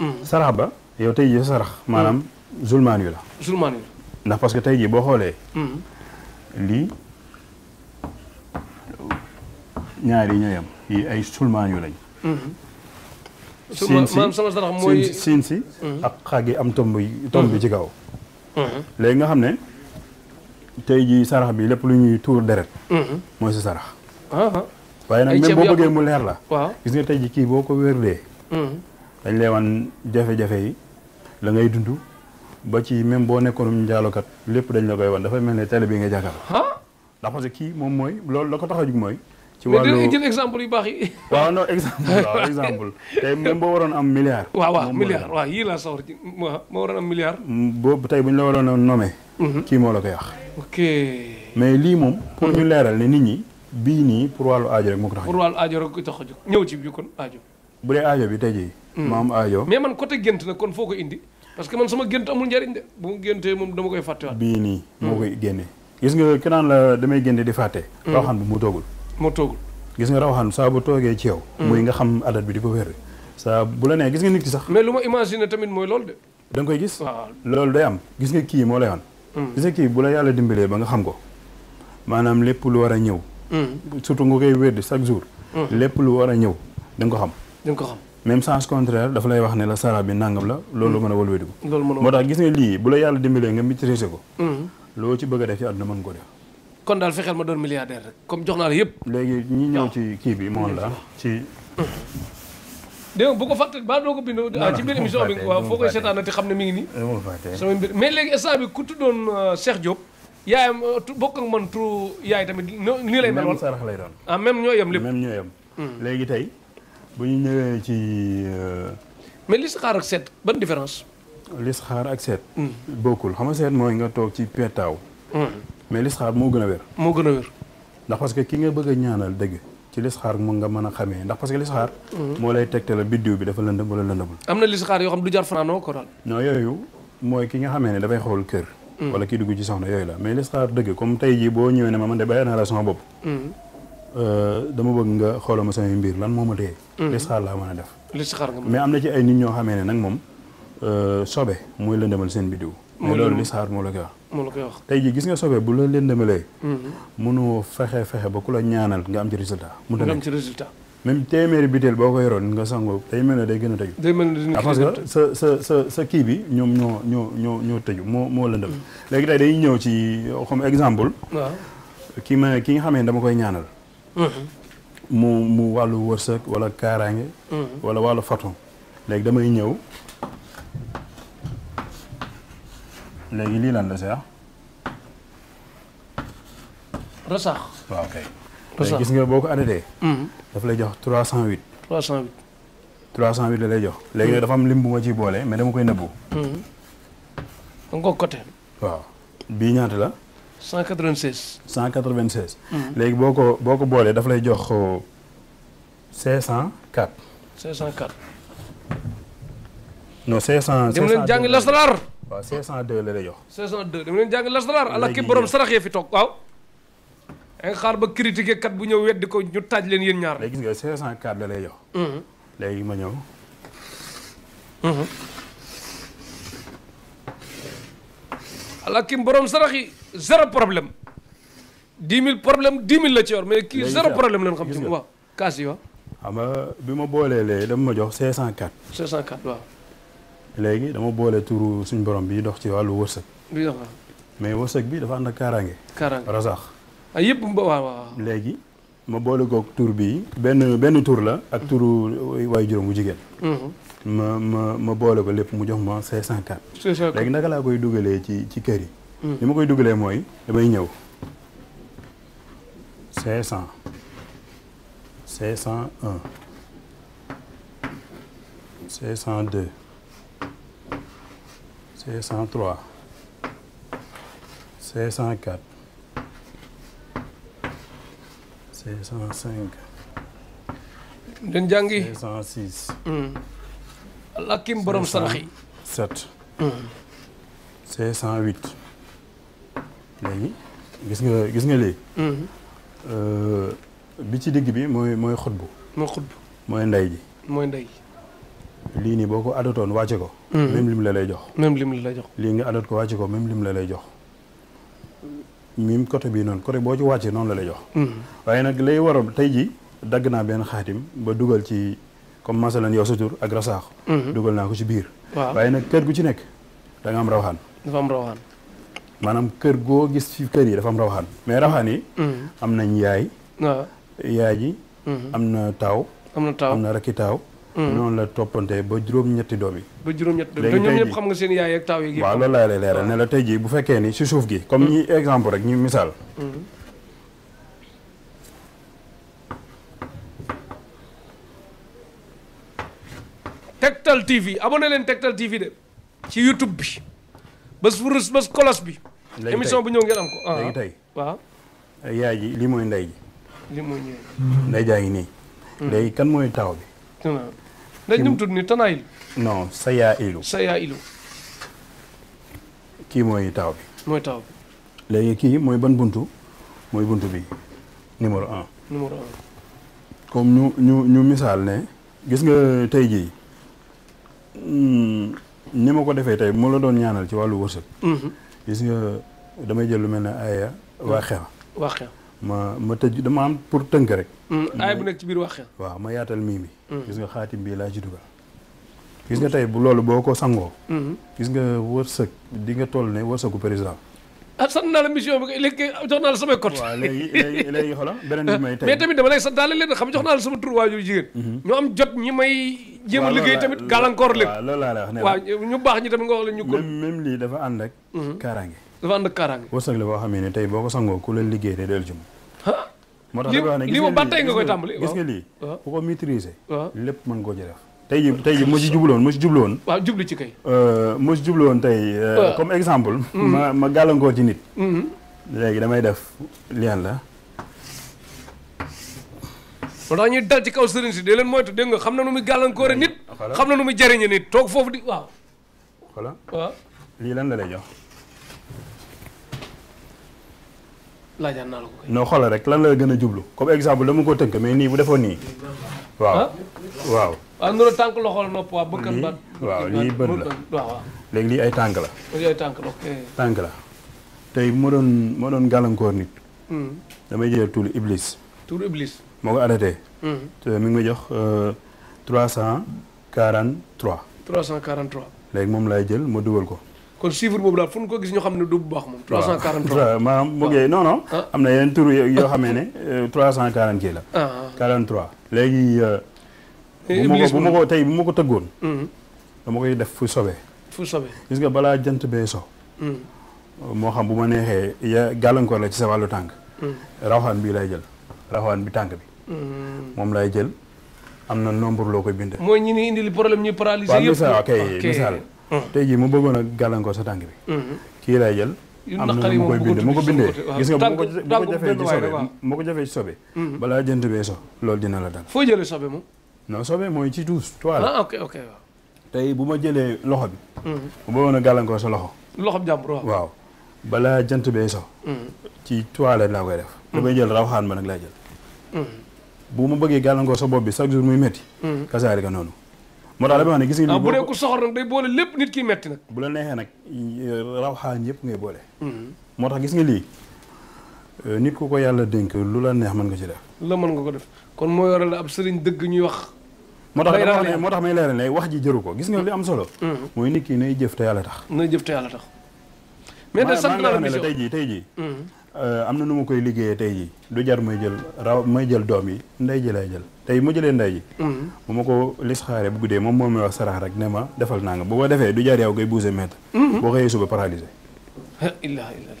Speaker 2: Mm. sarax ba yow tey jii sa sarax. maanaam zulmaan yu la. zulmaan yu la. ndax parce que tey jii boo xoolee. lii. ñaar yi ñooy am yi ay sulmaan yu lañ.
Speaker 3: Mm-hmm.
Speaker 2: maanaam sama sarax mooy siin si mm-hmm. ak xag yi am tomb tomb bi ci kaw. Mm-hmm. léegi nga xam ne tey jii sarax bi lépp lu ñuy tuur deret. mooy si sarax. waaye nag même boo bëggee mu leer la. waaw gis nga tey ji kii boo ko wérdee. dañ lay wan jafe-jafe yi la ngay dundu ba ci même boo nekkoonum njaalokat lépp dañ la koy wan dafay mel ne télé bi nga jàkkaarloo. ndax parce que kii moom mooy loolu la ko tax a jug mooy. ci wàllu jël
Speaker 1: exemple yu baax yi.
Speaker 2: waaw non exemple waaw exemple waroon am milliard.
Speaker 1: waaw waaw milliard waaw yii laa sawar ci
Speaker 2: waaw moo waroon am milliard. boobu tey bu ñu la waroon a nommé. Mhm. kii moo la koy wax. ok mais lii moom. pour ñu mhm. leeral ne nit ñi. bii nii pour wàllu aajo rek moo ko tax
Speaker 1: pour wàllu aajo rek ko tax ñëw ci bi kon ajo
Speaker 2: bu dee aajo bi tey jii. Mhm. ma am aajo.
Speaker 1: mais man côté gént na kon foo ko indi parce que man sama gént amul njariñ de bu mu géntee moom dama koy fàttewaat.
Speaker 2: bii nii moo koy génne. gis nga kenaan la damay génne di fàtte. loo xam ne mu toogul moo toogul gis nga rawaxaan saa bu toogee ci yow mm. muy nga xam adat bi di ko wér saa bu la nee gis nga nit ki sax mais lu ma imaginer tamit mooy lool de da nga koy gis waaw loolu day am gis nga kii moo lay wan mm. gis nga kii bu la yàlla dimbalee ba nga xam ko maanaam lépp lu war a ñëw mm. surtout nga koy wér jour lépp lu war a ñëw da ko xam ko xam même sens contraire dafa lay ne la sara bi nangam la loolu mën a walwédiku moo gis nga lii bu la yàlla dimbalee nga maîtriser ko loo ci bëgg a def ci àdduna mën ko def
Speaker 1: kon daal fexeel ma doon milliardaire rek
Speaker 2: comme jox naa la yëpp. léegi ñi ñëw ci kii bi moom la ci.
Speaker 1: dégg nga bu ko fàtte ba doo ko bind ci biir émission bi waaw foo koy seetaanati xam ne mu ngi nii. sama mbir mais léegi instant bi ku tuddoon euh, Cheikh Diop. yaayam euh, bokk ak man turu yaay tamit nii lay mel. même sarax lay doon ah même ñoo yem
Speaker 2: lépp même hmm. léegi tey bu ñu ñëwee ci. Euh, mais listixaar ak seet ban différence. listixaar ak seet. Hmm. bokkul xam nga seet mooy nga toog ci peetaaw. Hmm. mais listixaar moo gën a wér. moo gën a wér. ndax parce ki nga bëgg a ñaanal dëgg ci listixaar mu nga mën a xamee ndax parce que mhm. moo lay tegtal biddiw bi dafa lëndëm wala lëndëmul.
Speaker 1: am na listixaar yoo xam du jar fanaanoo ko daal.
Speaker 2: non yooyu mooy ki nga xamee ne dafay xool kër. Mhm. wala kii dugg ci soxna yooyu la mais listixaar dëgg comme tey boo ñëwee ne ma man de bàyyi naa la sama bopp. Mhm. Euh, dama bëgg nga xoolal samay mbir lan moo ma téye. listixaar laa mën a def. moo la koy wax tey jii gis nga soobee bu la leen demalee. Mhm. mënoo fexe fexe ba ku la ñaanal nga am ci résultat. mu nga am ci résultat. même téeméeri butéel boo ko yoroon nga sangoo day mel ne day gën a tëju. day mel ne parce que sa sa sa sa kii bi ñoom ñoo ñoo ñoo ñoo tëju moo moo lëndëm. Mhm. léegi tey day ñëw ci comme exemple. waaw ki ma ki nga xam ne dama koy ñaanal. Mhm. mu mu wàllu wërsëg wala kaaraange. wala wàllu faton léegi damay ñëw. léegi lii lan la seex.
Speaker 1: rosax. waaw kay.
Speaker 2: rosax gis nga boo ko arrêté. Hmm. daf lay jox 308. 308. 308 la lay jox. léegi nag hmm. dafa am lim bu ma ciy boole mais dama koy nëbbu.
Speaker 1: da hmm.
Speaker 2: ko côté. waaw bii ñaata la. 196. 196. léegi boo ko boo ko boolee daf lay jox 504. 504. non 500. 500 dem leen jàngi lasaraar. waaw 502 la lay jox.
Speaker 1: 502 dama leen jàng lasaraar allah ki borom sarax yee fi toog waaw. danga xaar ba critiquer kat bu ñëw weddi ko
Speaker 2: ñu taaj leen yéen ñaar. léegi gis nga 504 la lay jox. Mhm. léegi ma ñëw. Mhm. alakim borom
Speaker 1: sarax yi zéro problème dix mille problème dix mille la ci yor mais kii zéro problème lañ xam ci waaw kaas yi waaw.
Speaker 2: xam bi ma boolee léegi dama ma jox 504.
Speaker 1: 504 waaw.
Speaker 2: léegi dama boole turu suñ borom bi dox ci wàllu wërsëg. mais wërsëg bi dafa ànd ak kaaraange. kaaraange rasax. ah yëpp waaw waaw. léegi ma boole koog tur bi benn benn tur la. ak mm-hmm. turu waayu juróom bu jigéen. Mm-hmm. ma ma ma boole ko lépp mu jox ma cent 504 léegi naka laa koy dugalee ci ci kër yi. li mm. ma koy dugalee mooy damay ñëw. 500 501 C103 C104 C105
Speaker 1: den jàngi C106 hmm. lakkim borom sarax yi
Speaker 2: 7 C108 hmm. léegi gis nga gis nga léegi hmm. euh, bi ci digg bi mooy mooy xutbu mooy xutbu mooy ndey ji mooy ndey ji lii nii boo ko adatoon wàcce ko. Hmm. même lim la lay jox. même lim la lay jox. lii nga adat ko wàcce ko même lim la lay jox. mim côté bii noonu côté boo ci wàccee noonu la lay jox. Hmm. waaye nag lay waral tey jii dagg naa benn xaatim ba dugal ci comme masalan yow sa tur ak rasaax. Hmm. dugal naa ko ci biir. waaw waaye nag kër gu ci nekk da nga am rawxaan. dafa am rawxaan. maanaam kër goo gis fi kër yi dafa am rawxaan mais rawxaan yi. am nañ yaay. waaw yaay ji. am na taaw. am na taaw am na rakki taaw. Mm. noonu la toppante ba juróom-ñetti doom yi.
Speaker 1: ba juróom-ñetti doom yi te ñoom ñëpp xam nga seen yaay ak taaw yi. waaw loolu laa
Speaker 2: lay leeral ne la tey jii bu fekkee ni si suuf gi. comme mm. ñi exemple rek ñu misaal.
Speaker 1: Mm. Tektal TV abonné leen Tektal TV de ci YouTube bi bés furus bés kolos bi. émission bu ñëw ngeen am ko. léegi ah.
Speaker 2: tey waaw. yaay ji lii mooy ndey ji. lii mooy ndey jaa ngi nii. léegi kan mooy taaw bi.
Speaker 1: dañ nu mu tudd nii tanaa ilu
Speaker 2: non sa yaa ilu sa yaa kii mooy taaw bi mooy taaw bi léegi kii mooy ban buntu mooy bunt bi numéro un numéro un comme ñu ñu ñu misaal ne gis nga tey jii hmm, ni ma ko defee tey mu la doon ñaanal ci wàllu wërsëg mhm. gis nga damay jël lu mel ne aaya waa xew waa xew ma ma tëj dama am pour tënk rek aaya hmm, bu nekk ci biir waa xew waaw ma yaatal mii mi Mm-hmm. gis nga xaatim bii laa ci dugal. gis nga tey bu loolu boo ko sangoo. Mm-hmm. gis nga wërsëg di nga toll ne wërsëgu président.
Speaker 1: ah sant naa la mission bi léegi jox naa la samay code. waaw léegi léegi léegi xoolal beneen bi may tey mais tamit dama lay santaale leen xam jox naa la sama tur waajur jigéen. Mm-hmm. ñu am jot ñi may. jéem a liggéey tamit gàllankoor leen. waaw loolu
Speaker 2: laa lay wax ne waaw ñu baax ko même lii dafa ànd ak. kaaraange dafa ànd ak kaaraange. wërsëg la boo xam ne tey boo ko sangoo ku la liggéey de del jëm. moo tax na moom ba tey nga koy tàmbali gis nga lii ku ko maîtriser lépp mën koo ci tey ji tey ji moo si jubloon moo si jubloon waaw jublu ci kay euh, moo si jubloon tey euh, comme exemple mm-hmm. ma ma gàllankoor ci nit mm-hmm. léegi damay def lien la moo
Speaker 1: tax ñuy dal ci kaw sëriñ si dee leen moytu dégg nga xam na nu muy gàllankoore nit xam na nu muy jëriñe nit toog foofu di waaw
Speaker 2: voilà lii lan la lay jox
Speaker 1: laajaan naa la ko.
Speaker 2: non rek lan la gën a jublu comme exemple dama ko tënk mais nii bu defoon nii. waaw ah? waaw. waaw
Speaker 1: ah, nga doon loxo la
Speaker 2: waaw lii bën la waaw léegi lii ay tànk la. lii ay tànk la tey bu ma doon ma doon gàllankoor nit. Hmm. damay jël tuulu Iblis. tuulu Iblis. moo ko arrêté. Hmm. te mi ngi may jox euh, trois cent quarante trois.
Speaker 1: trois cent quarante
Speaker 2: léegi moom laay jël ma dugal ko.
Speaker 1: kon chiffre boobu daal fu ñu ko gis ñu xam ne du bu baax moom. 343 maanaam mu ngi non ah.
Speaker 2: am na yeneen tur yoo xamee ne 340 euh, kii la. 43 ah, ah. léegi. Euh,
Speaker 3: bu ma ko bu ma ko tey bu ma ko tëggoon. Mm-hmm.
Speaker 2: dama koy def fu sobee. fu sobee gis nga balaa jant bee so. Mm. moo xam bu ma neexee ya gàllankoor la ci sa wàllu tànk. Mm. rawaxaan bii lay jël rawaxaan bi tànk bi. Mm. moom lay jël am na nombre loo koy bindee.
Speaker 1: mooy ñi ni indi li problème ñuy paralysé yëpp. ok misaal.
Speaker 2: Mm. tey jii mu bëggoon a gàllankoor sa tànk bi. Mm-hmm. kii lay jël. am na mu koy ko bindee gis ko jafee ci sobe mu ko jafee ci balaa jënt bee so loolu dina la dal foo jëlee sobe moom non sobe mooy ci tuus ah, tey bu ma jëlee loxo bi bu mm-hmm. bëggoon a gàllankoor sa loxo loxo bi jàmbur waaw balaa jënt bee so mm-hmm. ci toile laa koy def damay jël raw xaan ma nag laa
Speaker 3: jël
Speaker 2: bu ma bëggee gàllankoor sa bopp bi chaque jour muy métti kasaari ka noonu moo tax damay wax ne gis nga ah, bu dee ko soxor nag day boole lépp nit ki metti nag bu la neexee nag rawxaan yëpp ngay boole mm-hmm. moo tax gis nga lii euh, nit ku ko yàlla dénk lu la neex mën nga ci def
Speaker 1: la mën nga ko def kon moo yore la ab sëriñ dëgg ñuy wax
Speaker 2: moo tax ne moo tax may leeral ne wax ji jëru ko gis nga li am solo mm-hmm. mooy nit ki nay jëf te yàlla tax
Speaker 1: nay jëf te yàlla tax mais de sant naa la tey jii tey jii mm-hmm.
Speaker 2: Euh, am na nu ma koy liggéeyee tey du jar mooy jël raw may jël doom yi ndey ji lay jël tey ma jëlee ndey ji. Mm-hmm. bu ma ko lisxaaree bu dee moom moo may wax rek ne ma defal naa nga bu defee du jar yow ngay bousez mm-hmm. boo xëyee suba paralysé. illah illah.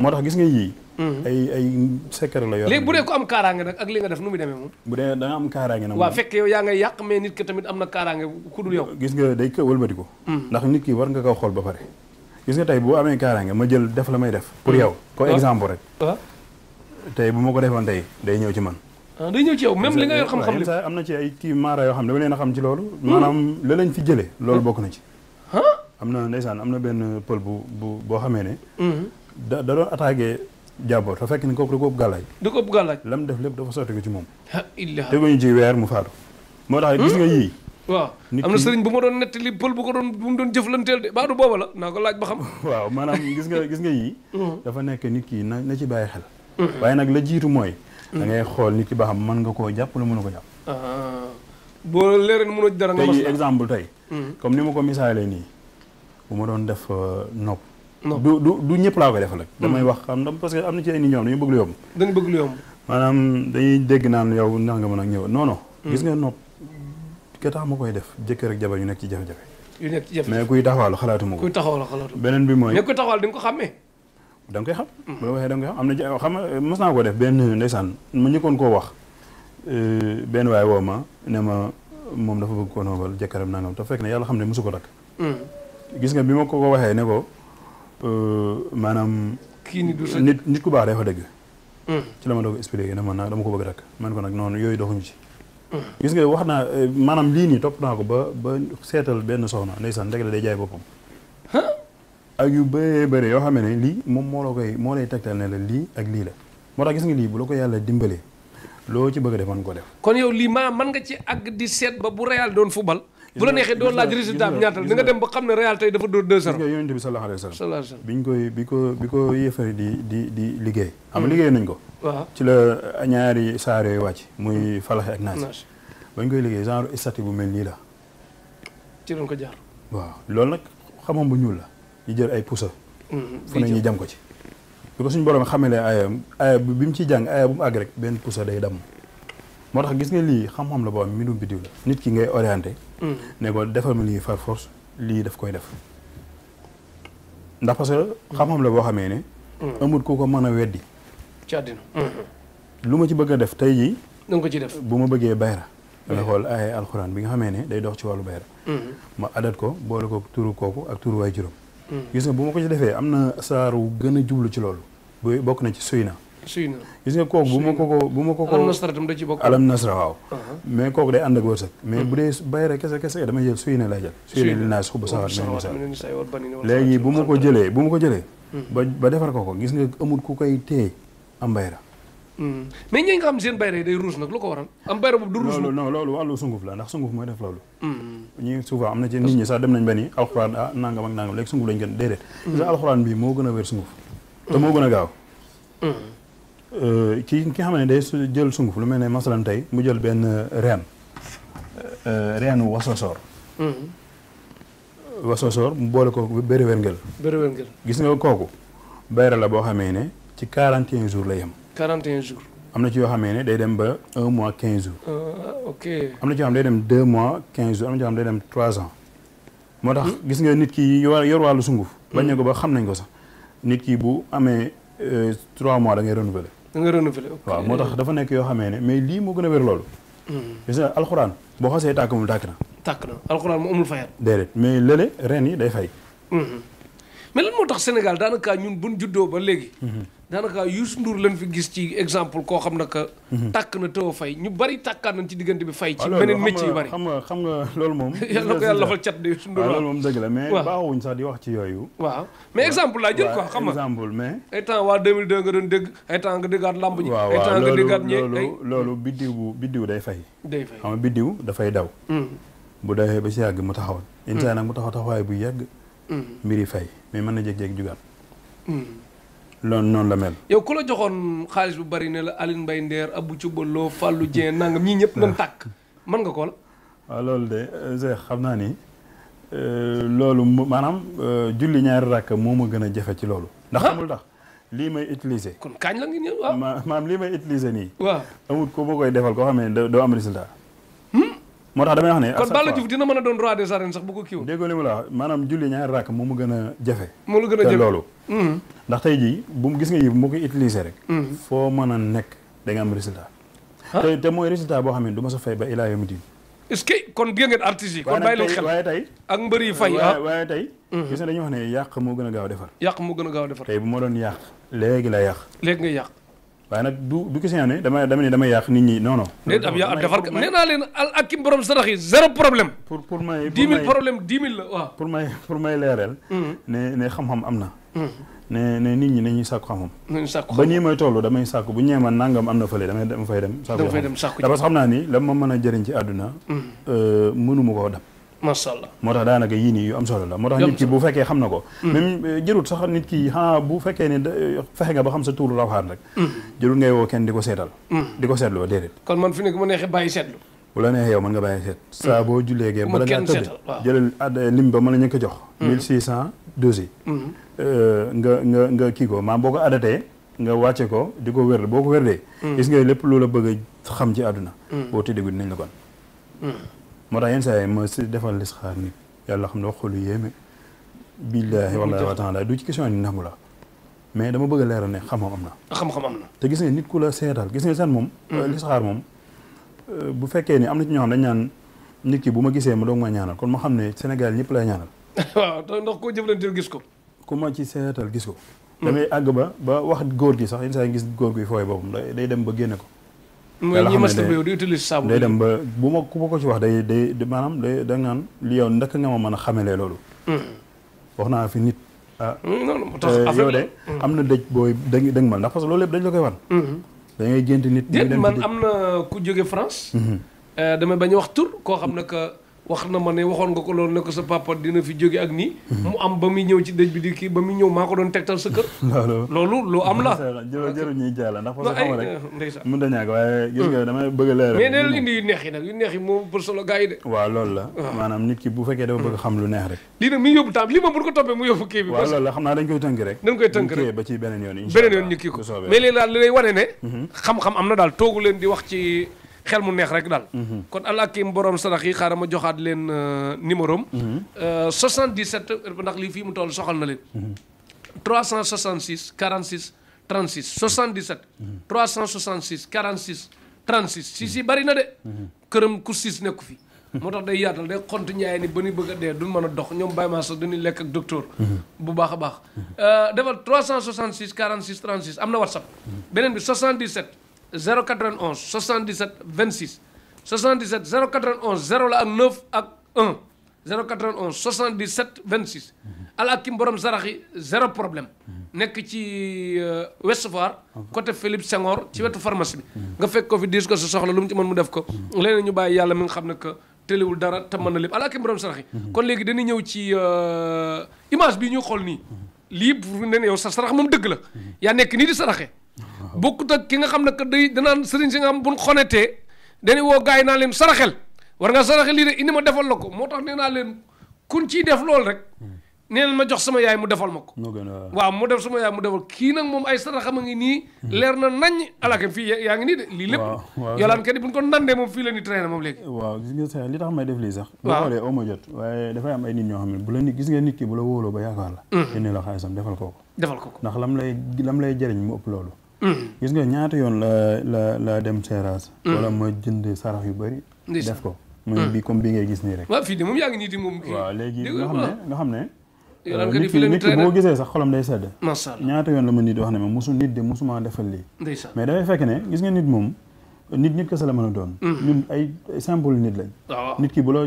Speaker 2: moo tax gis nga yii. Mm-hmm. ay ay secret la yor. léegi
Speaker 1: bu dee ko am kaaraange nag ak li nga def nu muy demee moom.
Speaker 2: bu dee da am kaaraange nag. waa fekk
Speaker 1: yow yaa ngay yàq mais nit ki tamit am na kaaraange
Speaker 2: ku dul yow. gis nga day wëlbati ko. ndax nit ki war nga koo xool ba pare. gis nga tey boo amee kaaraange ma jël def la may def. pour mm. yow comme ah. exemple rek. waaw ah. tey bu ma ko defoon tey day ñëw ci man. Ah, day ñëw ci yow même li nga yor xam-xam am na ci ay kii maara yoo xam dama leen xam ci loolu. Hmm. maanaam la lañ fi jëlee loolu hmm. bokk na ci. am na ndeysaan am na benn pël bu bu boo xamee ne. Hmm. da da doon attaqué jàppoor te fekk ni kooku da ko ëpp gàllaaj. da ko ëpp gàllaaj. la def lépp dafa sotti ko ci moom. ah illah teguñu ci weer mu faatu. moo tax gis nga yii.
Speaker 1: waaw am na sëriñ bu ma doon nettali pël bu ko doon bu mu doon jëflanteel de baadu booba la naa ko laaj ba xam waaw maanaam gis nga gis nga
Speaker 2: yii mm-hmm. dafa nekk nit ki na na ci bàyyi xel mm-hmm. waaye nag la jiitu mooy mm-hmm. da ngay xool nit ki ba xam man nga koo jàpp la a ko jàpp ah, boo leereen
Speaker 1: mënoo dara nga tey
Speaker 2: exemple tey comme ni ma ko misaalee nii bu ma doon def uh, nopp du du du ñëpp laa koy defal rek damay wax xam ndam parce que am na ci ay nit ñoom dañu bëgg lu yomb dañu bëgg lu yomb maanaam dañuy dégg naan yow ndax nga mën a ñëw non gis nga nopp ke tax ma koy def jëkkër ak jabar yu nekk ci jafe-jafe.
Speaker 1: yu nekk ci jafe-jafe mais kuy
Speaker 2: taxawal xalaatu ko. kuy taxawal xalaatu beneen bi mooy. mais
Speaker 1: kuy ko xàmmee.
Speaker 2: da nga koy xam. Mm-hmm. bu la waxee da nga koy xam am na ja xam nga mos naa ko def benn ndeysaan ma njëkkoon koo wax euh, benn waay woo ma ne ma moom dafa bëgg ko jëkkëram nangam te fekk ne yàlla xam ne mosu ko takk. Mm-hmm. gis nga bi ma ko waxee ne ko euh, maanaam. kii ni du nit nit ku baax day fa dëgg. Mm-hmm. ci la ma doog expliqué ne man dama ko bëgg a takk man ko nag noonu yooyu doxuñu ci gis nga wax naa eh, maanaam lii nii topp naa ko ba ba seetal benn soxna ndeysaan ndek la day jaay boppam. ak yu bëree bëri yoo xam ne lii moom moo la koy moo lay tegtal ne la lii ak lii la moo tax gis nga lii bu la ko yàlla dimbalee loo ci bëgg a def mën ko def.
Speaker 1: kon yow lii maa mën nga ci àgg di seet ba bu Real doon fubal. bu la neexee doon laaj résultat bi ñaata nga dem
Speaker 2: ba xam ne Real tey dafa doon 2-0. gis nga yonent bi sallallahu alayhi ñu koy bi ko bi ko yéefari di di di liggéey. am mm. liggéey nañ ko. waaw ci la ñaari saar yooyu wàcc muy falaxe ak naas bañ koy liggéey genre statue bu mel nii la ci doon ko jaar waaw loolu nag xamam bu ñuul la ñu jël ay pusa mm-hmm. fu ne ñu jam ko ci bi ko suñu borom xamalee ayam aaya bi mu ci jàng aaya bu mu àgg rek benn pusa day damm moo tax gis nga lii xam-xam la boo am mbindum biddiw la nit ki ngay orienté mm-hmm. ne ko defal ma lii far force lii daf koy def ndax parce que mm-hmm. xam-xam la boo xamee ne amul ku ko mën a weddi ci àddina lu ma ci bëgg a def tey ko ci def bu ma bëggee bayra dana xool ay alxuraan bi nga xamee ne day dox ci wàllu bayra mhm. ma adat ko boole ko turu kooku ak turu waay juróom mhm. gis nga bu ma ko ci a jublu ci loolu bu ci suy na na gis nga kooku bu ma ko ko bu ma ko ko alam nasra
Speaker 1: tam da ci bokk alam nasra waaw uh-huh.
Speaker 2: mais kooku day ànd ak wërsëg mais mhm. bu dee bayra kese kese dama jël suy na lay jël suy na naa suba sawar men sa léegi bu ma ko jëlee bu ma ko jëlee ba defar ko ko gis nga amul ku koy téye am bayra
Speaker 1: mm. mais ñi nga xam ne seen bayra yi day
Speaker 2: ruus nag lu ko waral
Speaker 1: am bayra boobu du ruus
Speaker 2: loolu loolu wàllu sunguf la ndax sunguf mooy def loolu mm. ñi souvent am na ci nit ñi sax dem nañ ba ni alxuraan ah nangam ak nangam léegi sunguf lañ gën déedéet sa mm. alxuraan bii a wér sunguf te a gaaw euh, ki ki nga xam jël sunguf lu mel ne masalan tey mu jël benn euh, reen euh, reenu wasosoor wasosoor mu boole ko bëri wérngel gis nga kooku bayra la boo xamee ne ci 41 jours lay yem.
Speaker 1: 41 jours.
Speaker 2: am na ci yoo xamee ne day dem ba un mois 15
Speaker 1: ah, jours.
Speaker 2: am na ci yoo xam day dem deux mois 15 jours am na ci yoo xam day dem trois ans. moo tax hmm? gis nga nit ki yor wàllu sunguf. Hmm. bañ na ko ba xam nañ ko sax nit ki bu amee euh, trois mois da ngay renouveler.
Speaker 1: da ngay renouveler ok waaw moo tax
Speaker 2: dafa nekk yoo xamee ne mais lii moo gën a wér loolu. Hmm. gis nga alxuraan boo xasee tàkkamul tàkk na.
Speaker 1: tàkk na alxuraan mu amul fayal.
Speaker 2: déedéet mais lële ren yi day fay.
Speaker 1: mais moo tax Sénégal daanaka ñun buñ juddoo ba léegi. daanaka Youssou Ndour lañ fi gis ci exemple koo xam naka tàkk na tëw fay ñu bari tàkkaat nañ ci diggante bi fay. ci ah, beneen métier yu bari
Speaker 2: xam nga loolu moom. yàlla ko yàlla lafal cat de Youssou Ndour ah, loolu dëgg di wax ci yooyu.
Speaker 1: mais exemple laa jël quoi xam nga mais. ay temps waa 2002 nga doon dégg ay temps nga déggaat lamb ñi. ay temps nga loolu
Speaker 2: loolu biddiw bu biddiw day fay. day fay xam nga biddiw dafay daw. Hmm. bu dawee ba si yàgg mu taxawal. Hmm. insaan nag mu taxaw taxawaay bu yàgg hmm. mbiri fay mais mën na jékki-jékki jugaat. Hmm. loolu noonu la mel.
Speaker 1: yow ku la joxoon xaalis bu bari ne la Alioune Mbaye Nder Abou Thioubalo Fallou Dieng nangam ñii ñëpp nañ tàkk
Speaker 2: mën nga ko la. waaw loolu de euh, Cheikh xam naa ni euh, loolu maanaam euh, julli ñaari rakk moo ma gën a jafe ci loolu. ndax ah. amul tax lii may utiliser. kon kañ la ngi ñëw waaw ah. maam lii may utiliser nii. waaw amul ko ma koy defal koo xam ne doo am résultat. moo tax damay wax ne. kon Balla Diouf dina mën a doon roi des arènes sax bu ko kiiwul. déggoo li ma la wax julli ñaari rakk moo mu gën a jafe. moo la gën a jafe hmm. tey jii bu mu gis nga yii bu rek. Hmm. foo mën a nekk da nga am résultat. Ah. te te mooy résultat boo xam ne du ma sa fay ba ilaa yomi diin.
Speaker 1: kon gën ngeen artistes yi. kon bàyyi leen xel waaye tey ah.
Speaker 2: hmm. gis nga dañuy wax ne yàq moo gën a gaaw defar. yàq moo gën a gaaw defar. tey bu ma doon yàq léegi la yàq. léegi nga yàq waaye nag du du question ne dama dama ne dama yàq nit ñi non non. déet ab yaa defar nee
Speaker 1: naa leen al ak borom sarax yi zéro problème. pour pour
Speaker 2: may dix mille problème dix la pour may pour may leereel. Mm-hmm. ne ne xam-xam am na. Mm-hmm. ne ne nit ñi nañuy sàkku xam-xam.
Speaker 1: nañu sàkku ba nii
Speaker 2: may toll damay sàkku bu ñu ñeema nangam am na fële damay dama fay dem. sàkku dama fay dem sàkku parce que xam naa ni la ma mën a jëriñ ci àdduna. Mm-hmm. Euh, mënu ma koo dab. macha allah moo tax daanaka yii nii yu am solo la moo tax nit ki bu fekkee xam na ko mm. même euh, jërut sax nit ki xanaa bu fekkee ne euh, fexe nga ba xam sa tuuru rawxaan rek mm. jërut ngay woo kenn di ko seetal mm. di ko seetloo déedéet
Speaker 1: kon man fi ne mu neexee bàyyi seetlu
Speaker 2: bu la neexee yow mën nga boo jullee gee bala ngaa tëdd jëlal euh, ba mën nañu ko jox mille six cent doses yi nga nga nga kii ko maam boo ko adatee nga wàcce ko di ko wér boo ko wérdee gis nga lépp la bëgg a xam ci àdduna boo tëddee guddi nañ la kon moo tax yenn saa yi ma si defal listixaar nit yàlla xam ne wax lu yéeme. billaahi wallaahi wa taala du ci question ni nangu la mais dama bëgg a ne xam-xam na. xam-xam am na. te gis nit ku la seetal gis nga seen moom. Mm-hmm. Euh, listixaar moom euh, bu fekkee ni am na ci ñoo xam dañ ñaan nit ki bu ma gisee ma doog ma ñaanal kon ma xam ne Sénégal ñëpp lay ñaanal. waaw ndax koo jëflanteel gis ko. ku ma ci seetal gis ko. Mm-hmm. damay àgg ba ba wax góor gi sax yenn saa yi gis góor gi fooy boppam day dem ba génne ko.
Speaker 1: mooy ñi mas yow di utiliser saabu
Speaker 2: bu ma ku ma ko ci wax day day maanaam day da naan li yow ndaka nga ma mën a xamelee loolu hmm. wax naa fi nit a ah, hmm, yow de hmm. am na dëj booy dëng dëng mal ndax parce que loolu lépp dañ la koy wan da ngay gént nit déet man am
Speaker 1: na ku jóge France euh, damay bañ a wax tur koo xam ne wax na ma ne waxoon nga ko loolu ne ko sa papa dina fi jóge ak nii. mu am ba muy ñëw ci dëj bi di kii ba mu ñëw maa ko doon tegtal sa kër. loolu lu am la. jërëjëf jërëjëf ñuy jaay foofu
Speaker 2: xam mun na ñàkk waaye gis nga damay a leeral. yi
Speaker 1: nag neex yi moom pour solo gars yi de.
Speaker 2: Ah. ki bu fekkee dafa bëgg xam lu neex
Speaker 1: rek. ko toppee mu yóbbu kii bi.
Speaker 2: xam naa dañ koy tënk rek. dañ koy ba ci beneen yoon. incha allah beneen yoon ñu
Speaker 1: kii ko mais daal li lay wane ne. Mhm. xam-xam am na daal toogu leen di wax ci xel mu neex rek daal. Mhm. kon alakim borom sarax yi xaaral ma joxaat leen numéro am. 77 ndax lii fii mu toll soxal na leen. 366 46 36 77. 366 bari na de. Mhm. këram ku siis nekku fi. moo tax day yaatal day xont ñaay ni ba ñu bëgg a dee duñ mën a dox ñoom Baye Massa dañuy lekk ak docteur. Mhm. bu baax a baax. Euh, defal 366 46 36 am na whatsapp. beneen bi 77. 091 77 26 77 091 0 la ak 9 ak 1 091 77 26 Alakim borom sarax yi zéro problème nekk ci euh, Ouest Foire côté Philippe Senghor ci wetu pharmacie bi nga fekk ko fi diis ko sa soxla lu mu ci mën mu def ko leneen ñu bàyyi yàlla mi nga xam ne que téléwul dara te mën na lépp Alakim borom sarax mhm. kon léegi dañuy ñëw ci euh, image bi ñuy xool nii lii pour ne yow sa sarax moom dëgg la mhm. yaa nekk nii di saraxee bokkut ak ki nga xam ne que day danaan sëriñ si nga xam buñ xonetee dañuy woo gars yi naa leen saraxel war nga saraxel lii de indi ma defal la ko moo tax nee naa leen kun ciy def loolu rek hmm. na ma jox sama yaay mu defal ma ko waaw mu def sama yaay mu defal kii nag moom ay saraxam a ngi nii hmm. leer na nañ alaaka fii yaa ngi nii de lii ko
Speaker 2: oo ma jot waaye dafay am ay nit ñoo xam ne bu la nit gis nga nit ki bu la wóoloo ba yaakaar la yénne hmm. la xaalisam defal koo ko defal ko ko ndax lam lay lam lay jëriñ mu ëpp loolu Mm-hmm. gis nga ñaata yoon la la la dem seeraas. Mm-hmm. wala ma jënd sarax yu bëri. def ko muy mm-hmm. bi comme bi ngay gis nii rek.
Speaker 1: waaw fii de moom yaa
Speaker 2: léegi nga xam ne nga xam ne. Euh, nit ki boo gisee sax xolam day sedd. macha allah ñaata yoon la ma nit wax ne ma mosu nit de mosuma defal lii. mais dafay fekk ne gis nga nit moom nit nit kese la mën a doon. ñun ay simple nit lañ. Ah. nit ki bu la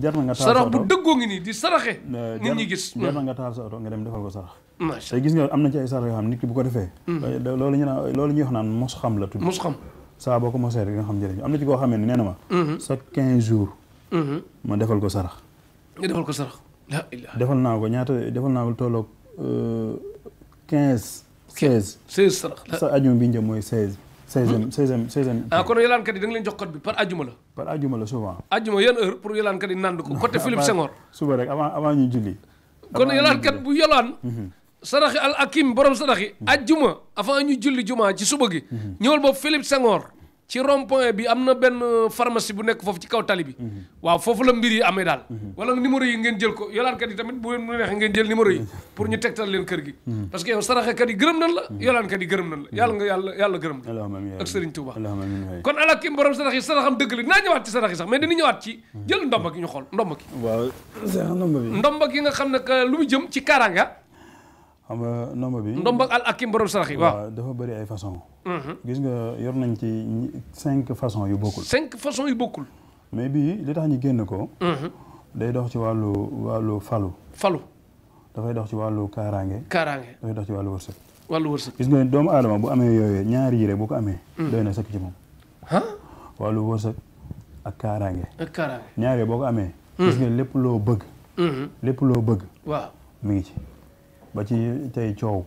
Speaker 2: jar na nga taal sarax bu dëggoo ngi nii di saraxe nit ñi mm. nga taal sa oto nga dem defal ko sarax te gis nga am na ci sarax yoo xam bu ko defee mm. loolu ñu naan loolu ñuy wax naan mos xam la tudd mos xam saa boo ko mosee nga xam mm-hmm. sa quinze
Speaker 1: mm-hmm.
Speaker 2: ma defal ko sarax nga defal ko sarax la ilaha defal naa ko ñaata defal naa ko tolloog euh, quinze seize seize sarax sa ajuma bi njëm mooy seizième hmm? seizième seizième.
Speaker 1: ah kon yalaankat yi da nga leen bi par
Speaker 2: ajuma la. par ajuma la souvent.
Speaker 1: ajuma yan heure pour yalaankat yi nand ko côté Philippe Senghor.
Speaker 2: suba rek avant avant ñu julli. kon yalaankat bu
Speaker 1: yolaan. saraxi al akim borom saraxi. ajuma avant ñu julli jumaa ci suba gi. ñëwal boobu Philippe Senghor. ci rond point bi am na benn pharmacie bu nekk foofu ci kaw tali bi. waaw foofu la mbir yi amee daal. wala numéro yi ngeen jël ko yolaankat yi tamit bu leen neexee ngeen jël numéro yi. pour ñu tegtal leen kër gi. parce que yow saraxekat yi gërëm nañ la. yolaankat yi gërëm nañ la yàlla nga yàlla yàlla gërëm la. ak Serigne Touba. kon ala kim borom sarax yi saraxam dëgg la naa ñëwaat ci sarax yi sax mais dina ñëwaat ci jël ndomba gi ñu xool ndomba gi.
Speaker 2: waaw
Speaker 1: gi nga xam ne lu mu jëm ci kaaraanga. Ah?
Speaker 2: xam nga ndomba bi. ndomba al
Speaker 1: akim borom yi waaw
Speaker 2: dafa bëri ay façon Mhm. gis nga yor nañ ci cinq façons yu bokkul.
Speaker 1: cinq façons yu bokkul.
Speaker 2: mais bii li tax ñu génn ko. Mhm. day dox ci wàllu wàllu falu. falu. dafay dox ci wàllu kaaraange. kaaraange dafay dox ci wàllu wërsëg. wàllu wërsëg gis nga doomu aadama bu amee yooyu ñaari yére boo ko amee. Mhm. doy na sëkk ci moom. wàllu wërsëg ak kaaraange. ñaari boo ko amee. gis nga lépp loo bëgg. lépp loo bëgg. waaw mi ngi ci ba ci tey coow.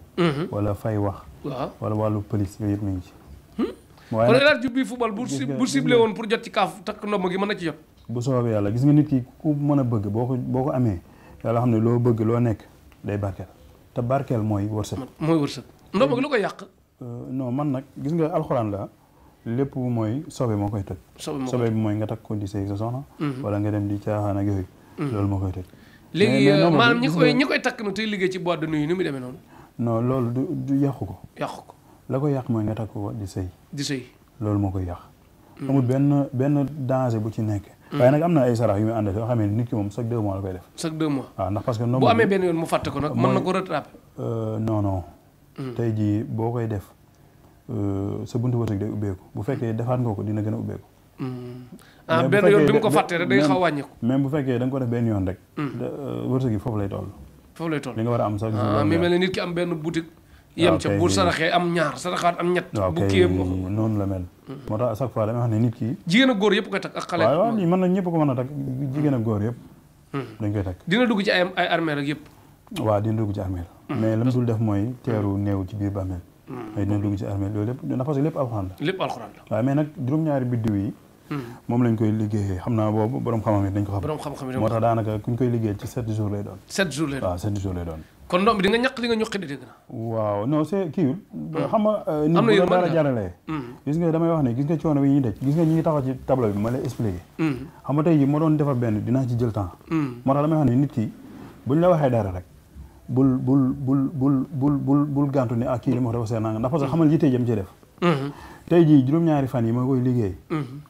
Speaker 2: wala fay wax. waaw wala wàllu police bi yëpp mi ngi ci. Hmm? Hmm? waaye nag kon El Hadj
Speaker 1: Diouf bi football bu si woon pour jot ci kaaf takk ndomb gi mën na ci jot.
Speaker 2: bu gis nga nit ki ku mën a bëgg boo ko boo ko amee yàlla xam ne loo bëgg loo nekk day barkeel te barkeel mooy wërsëg. mooy wërsëg
Speaker 1: ndomb gi lu koy yàq.
Speaker 2: Euh, non man nag gis nga alxuraan la lépp mooy sobe moo koy tëj. sobe moo koy tëj sobe bi mooy nga takk ko di sëy sa soxna. Mhm. nga dem di caaxaan ak yooyu. Mhm. loolu moo koy tëj. léegi maanaam
Speaker 1: ñi koy takk na tey liggéey ci boîte de nuit ni mu demee noonu
Speaker 2: non loolu du du yàqu ko. yàqu ko la ko yàq mooy nga takk ko di sëy. di sëy loolu moo koy yàq. Mm. amul benn benn danger bu ci nekk. Mm. waaye nag am na ay sarax yu muy àndal yoo xam ne nit ki moom chaque deux mois koy def. chaque deux mois waaw ah, que. bu amee
Speaker 1: benn yoon mu fàtte ko nag mën
Speaker 2: euh, mm. tey jii boo koy def euh, sa buntu wërsëg day ubbeeku bu fekkee defaat nga ko dina gën a ubbeeku.
Speaker 1: ah benn yoon bi nga ko fàtte rek day xaw wàññi ko.
Speaker 2: même bu fekkee da ko def benn yoon rek. Euh, wërsëg yi foofu lay toll. foofu lay toll li nga war a am sax ah, mi mel ne
Speaker 1: nit ki am benn boutique ah, yem ca bu saraxee am ñaar saraxaat am ñett ah, bu kii
Speaker 2: noonu la mel mm. moo tax à chaque fois damay xam ne nit ki
Speaker 1: jigéen ak góor yëpp koy takk
Speaker 2: na ñëpp ko mën a takk jigéen ak góor yëpp mm. dañ koy takk
Speaker 1: dina dugg ci ay ay armeel ak yëpp
Speaker 2: waaw dina dugg ci la mm. mais lam dul def mooy teeru néew ci biir bàmmeel mais dina dugg ci armeel loolu lépp ndax parce que lépp alxuraan la lépp alxuraan la waaw mais nag juróom-ñaari biddiw yi moom lañ koy liggéeyee xam naa boobu borom xam-xam yi dañ ko xam. koy liggéey ci sept jours lay doon. sept jours lay doon
Speaker 1: kon ndoom bi di nga ñaq di nga ñuqi di dégg na
Speaker 2: waaw non c'est kiiwul hmm. nga euh, nit hmm. damay wax ne gis nga coono bi ñuy daj gis nga ñi ngi taxaw ci tableau bi ma lay expliqué hmm. xam tey ji doon defar benn dinaa ci jël temps moo tax damay wax ne nit ki buñ la waxee dara rek bul bul bul bul bul bul bul gàntu ne ah kii li ma wax dafa seer nanga ndax parce que xamal yitte jëm ci def tey ji juróom-ñaari fan yi ma koy liggéey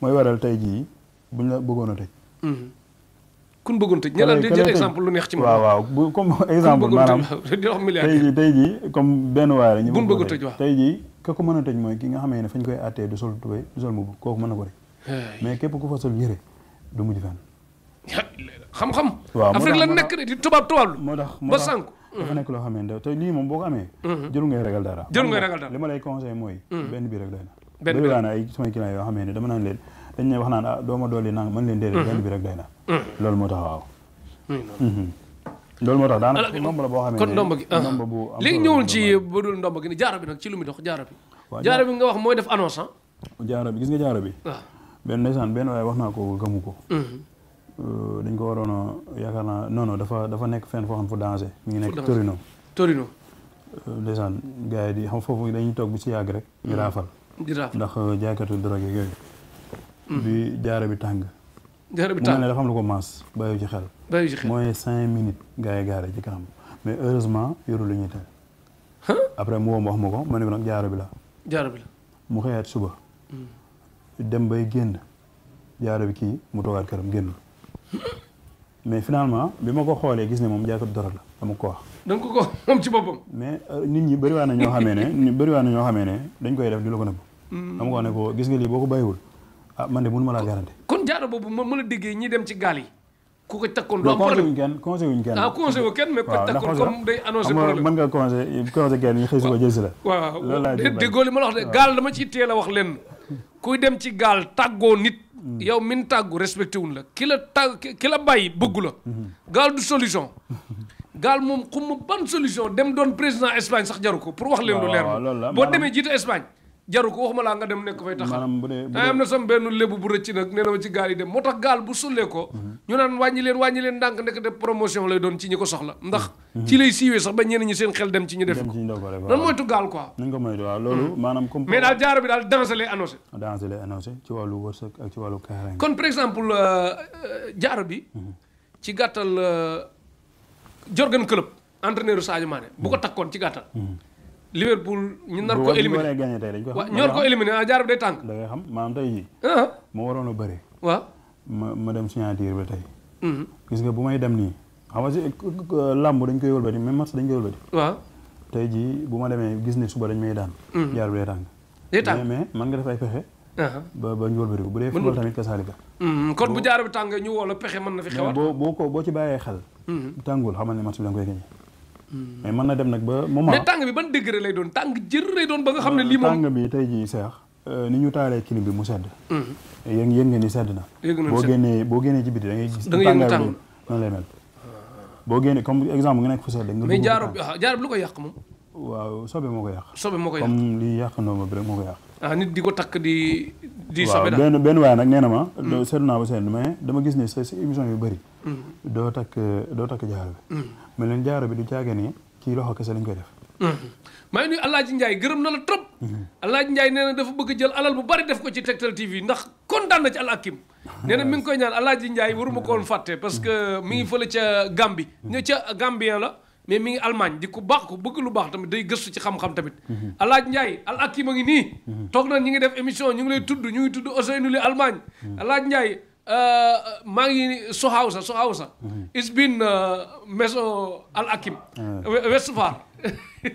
Speaker 2: mooy waral tey jii buñ la bëggoon a tëj.
Speaker 1: Mhm. kun bëggoon tëj ñu di jël exemple lu neex ci moom. waaw
Speaker 2: waaw bu comme exemple maanaam tey jii tey jii comme benn waay la ñu. buñ bëggoon tëj waaw tey jii ka ko mën a tëj mooy ki nga xamee ne fañ koy àttee du sol tubéy du sol mbubu kooku mën na ko mais képp ku fa sol yére du mujj fenn.
Speaker 1: xam-xam. waaw Afrique la nekk di tubaab
Speaker 2: tubaab lu. moo tax ba sànq. dafa nekk loo xam ne te lii moom boo ko amee. Mhm. jëru ngay ragal dara. jëru ngay ragal dara li ma lay conseil mooy. Mhm. benn biir rek doy na benn bi na ay samay client yoo ne dama naan leen dañ wax naan ah doo ma dolli nang mën mhm. bi rek na mhm. loolu moo tax waaw mhm. loolu moo tax daanaka ndomb la boo xamee kon ndomb gi ah, ndomb
Speaker 1: dul ndomb gi ni bi nag ci lu muy dox jaaro
Speaker 2: bi jaaro
Speaker 1: nga wax mooy def annonce ah
Speaker 2: jaaro bi gis nga jaaro bi ah. benn ndeysaan benn waaye wax naa ko gëmu ko euh, dañ ko waroon yaakaar naa non dafa dafa nekk fen foo xam fu danger mi ngi nekk Torino Torino euh, ndeysaan gars yi di xam foofu dañuy toog bi si yàgg rek ñu raafal ndax jaaykatu drogue yooyu. Hmm. bi jaara bi tàng. jaara bi tàng mu ne dafa am lu ko maas bàyyi ci xel. mooy cinq minutes gars yi gaare ci kanam mais heureusement yoru lu ñuy teel. après mu woo ma wax ma ko ma ne ko nag jaara bi la. jaara bi mu xëyaat suba. Hmm. dem bay génn jaara bi kii mu toogaat këram génn hmm. mais finalement bi ma ko xoolee gis ne moom jaaykatu drogue la. dama ko wax. ko ko wax moom mais euh, nit ñi bëriwaat na ñoo xamee ne nit bëriwaat na ñoo xamee ne dañ koy def di ko nëbb. dama hmm. ko wax ne ko gis boo ko bàyyiwul ah man de mënu ma laa garanti.
Speaker 1: kon jaaro boobu ma mën a déggee ñi dem ci gaal yi. ko takkoon du ah,
Speaker 2: ko
Speaker 1: takkoon comme day annoncé problème.
Speaker 2: mën nga conseil conseil kenn ñu xëy si ko jël si la.
Speaker 1: wax de gaal dama ciy a wax leen kuy dem ci gaal tàggoo nit. Hmm. yow min tàggu respecté wuñ la ki la tàgg ki la bàyyi bëggu la. Hmm. gaal du solution. gaal moom xum ban solution dem doon président Espagne sax jaru ko pour wax leen lu leer
Speaker 2: ma boo demee
Speaker 1: jiite Espagne jaru ko waxuma laa nga dem nekk fay taxaw tay am na sam benn lébu bu rëcc nag nee na ma ci gaal yi dem moo tax gaal bu sullee ko mhm. ñu naan wàññi leen wàññi leen ndànk nekk def promotion lay doon ci ñi ko soxla ndax mhm. Mhm. ci lay siiwee sax ba ñenn ñi seen xel dem ci ñu def
Speaker 2: ko nan moytu gaal ko moytu mais daal jaaro bi daal dansé lay annoncé
Speaker 1: Jurgen Klopp entraîneur Sadio Mané bu ko hmm. takkoon ci gàttal. Hmm. Liverpool
Speaker 2: ñu nar ko éliminer waaw ñu nar ko éliminer ah jaar bi day tànk. da ngay xam maanaam tey jii. Ah. ma waroon a bëri. waaw ma ma dem signature ba tey. Hmm. gis nga bu may dem nii xam nga si eh, eh, làmb dañ koy wëlbati même match dañ koy wëlbati. waaw tey jii bu ma demee gis ne suba dañ may daan. jaar bi day tànk. day man nga def ay pexe. Uh-huh. ba ba ñu wëlbatiku bu dee football kon mm-hmm.
Speaker 1: bu jaar bi tàngee ñu woo la pexe mën na fi xewal boo
Speaker 2: boo ko boo ci bàyyee xel mm-hmm. tàngul xamal ne match bi da koy gagné
Speaker 1: mm-hmm.
Speaker 2: mais mën na dem nag ba moment mais tàng
Speaker 1: ban degré lay doon tàng
Speaker 2: jër lay doon ba nga xam ne bi tey jii seex euh, ni ñu taalee clim bi mu sedd yéen yéen nga ni sedd na boo génnee boo génnee ci biti da ngay gis tàngaay bi noonu lay mel boo génnee comme exemple nga nekk fu sedd nga mais jaaroo
Speaker 1: jaaroo bi lu ko yàq moom
Speaker 2: waaw sobe moo ko yàq sobe moo ko yàq comme moo ko yàq
Speaker 1: ah nit di ko takk di. di sobe daal waaw benn benn waaye
Speaker 2: nag nee na ma. Mm. seetlu naa ba seetlu mais dama gis ne sa sa émission yu bëri. Mm. doo takk doo takk jaaro bi. Mm. mais leen jaaro bi du jaage ni ci loxo kese lañ koy def.
Speaker 1: maa ngi nuyu El Hadj gërëm na la trop. El Hadj Ndiaye nee dafa bëgg jël alal bu bari def ko ci Tektal TV ndax kontaan na ci Al Hakim. nee na mi ngi koy ñaan El Hadj Ndiaye waruma ko woon fàtte parce que mi ngi fële ca Gambie. Mm-hmm. ñu ca Gambien la. mais mi ngi Allemagne di ku baax ku bëgg lu baax tamit day gëstu ci xam-xam tamit. Alaaji Ndiaye Al Hakim a ngi nii. toog na ñu ngi def émission ñu ngi lay tudd ñu ngi tudd Ousseynou li Allemagne. Alaaji Ndiaye euh, maa ngi so hawsa so hawsa. it's been euh, meso Al Hakim. Westfalen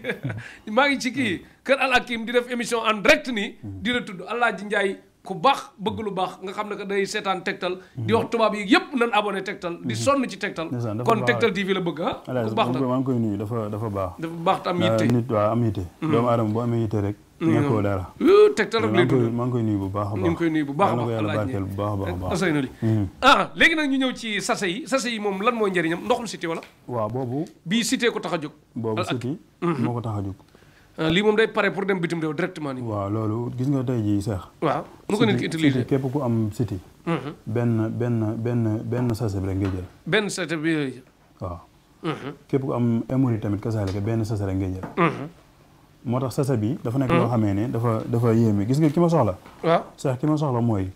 Speaker 1: maa ngi ci kii kër Al Hakim di def émission en direct nii. di la tudd Alaaji Ndiaye. ku baax bëgg lu baax nga xam ne que day seetaan tegtal di wax tubaab yi yëpp nan abonné tegtal di mhm. sonn ci tegtal kon tegtal TV la bëgg
Speaker 2: ah ku baax la maa ngi baax te am yitte euh, nit waaw am yitte mhm. doomu aadama boo amee yitte rek mhm. nekkoo dara
Speaker 1: tegtal rek lay dund
Speaker 2: maa ngi koy nuyu bu baax a baax bu baax a baax yàlla barkeel bu baax a baax a baax asay ah,
Speaker 1: léegi nag ñu ñëw ci sase yi sase yi moom lan mooy njëriñam ndoxum cité wala waaw boobu bii cité ko tax a jóg boobu cité moo ko tax a jóg Euh, lii moom day pare pour dem
Speaker 2: bitim réew directement nii. waaw loolu gis nga tey jii sax. waaw nu ko nit ki utiliser képp mhm. benn benn benn benn sachet bi rek ngay jël.
Speaker 1: benn sachet bi ngay jël.
Speaker 2: waaw. Mhm. képp ku am hémorroïde tamit kasaalika benn sachet rek ngay jël. Mhm. moo tax sachet bi dafa nekk loo xamee ne dafa dafa yéeme gis nga ki ma soxla. waaw sax ki ma soxla mooy.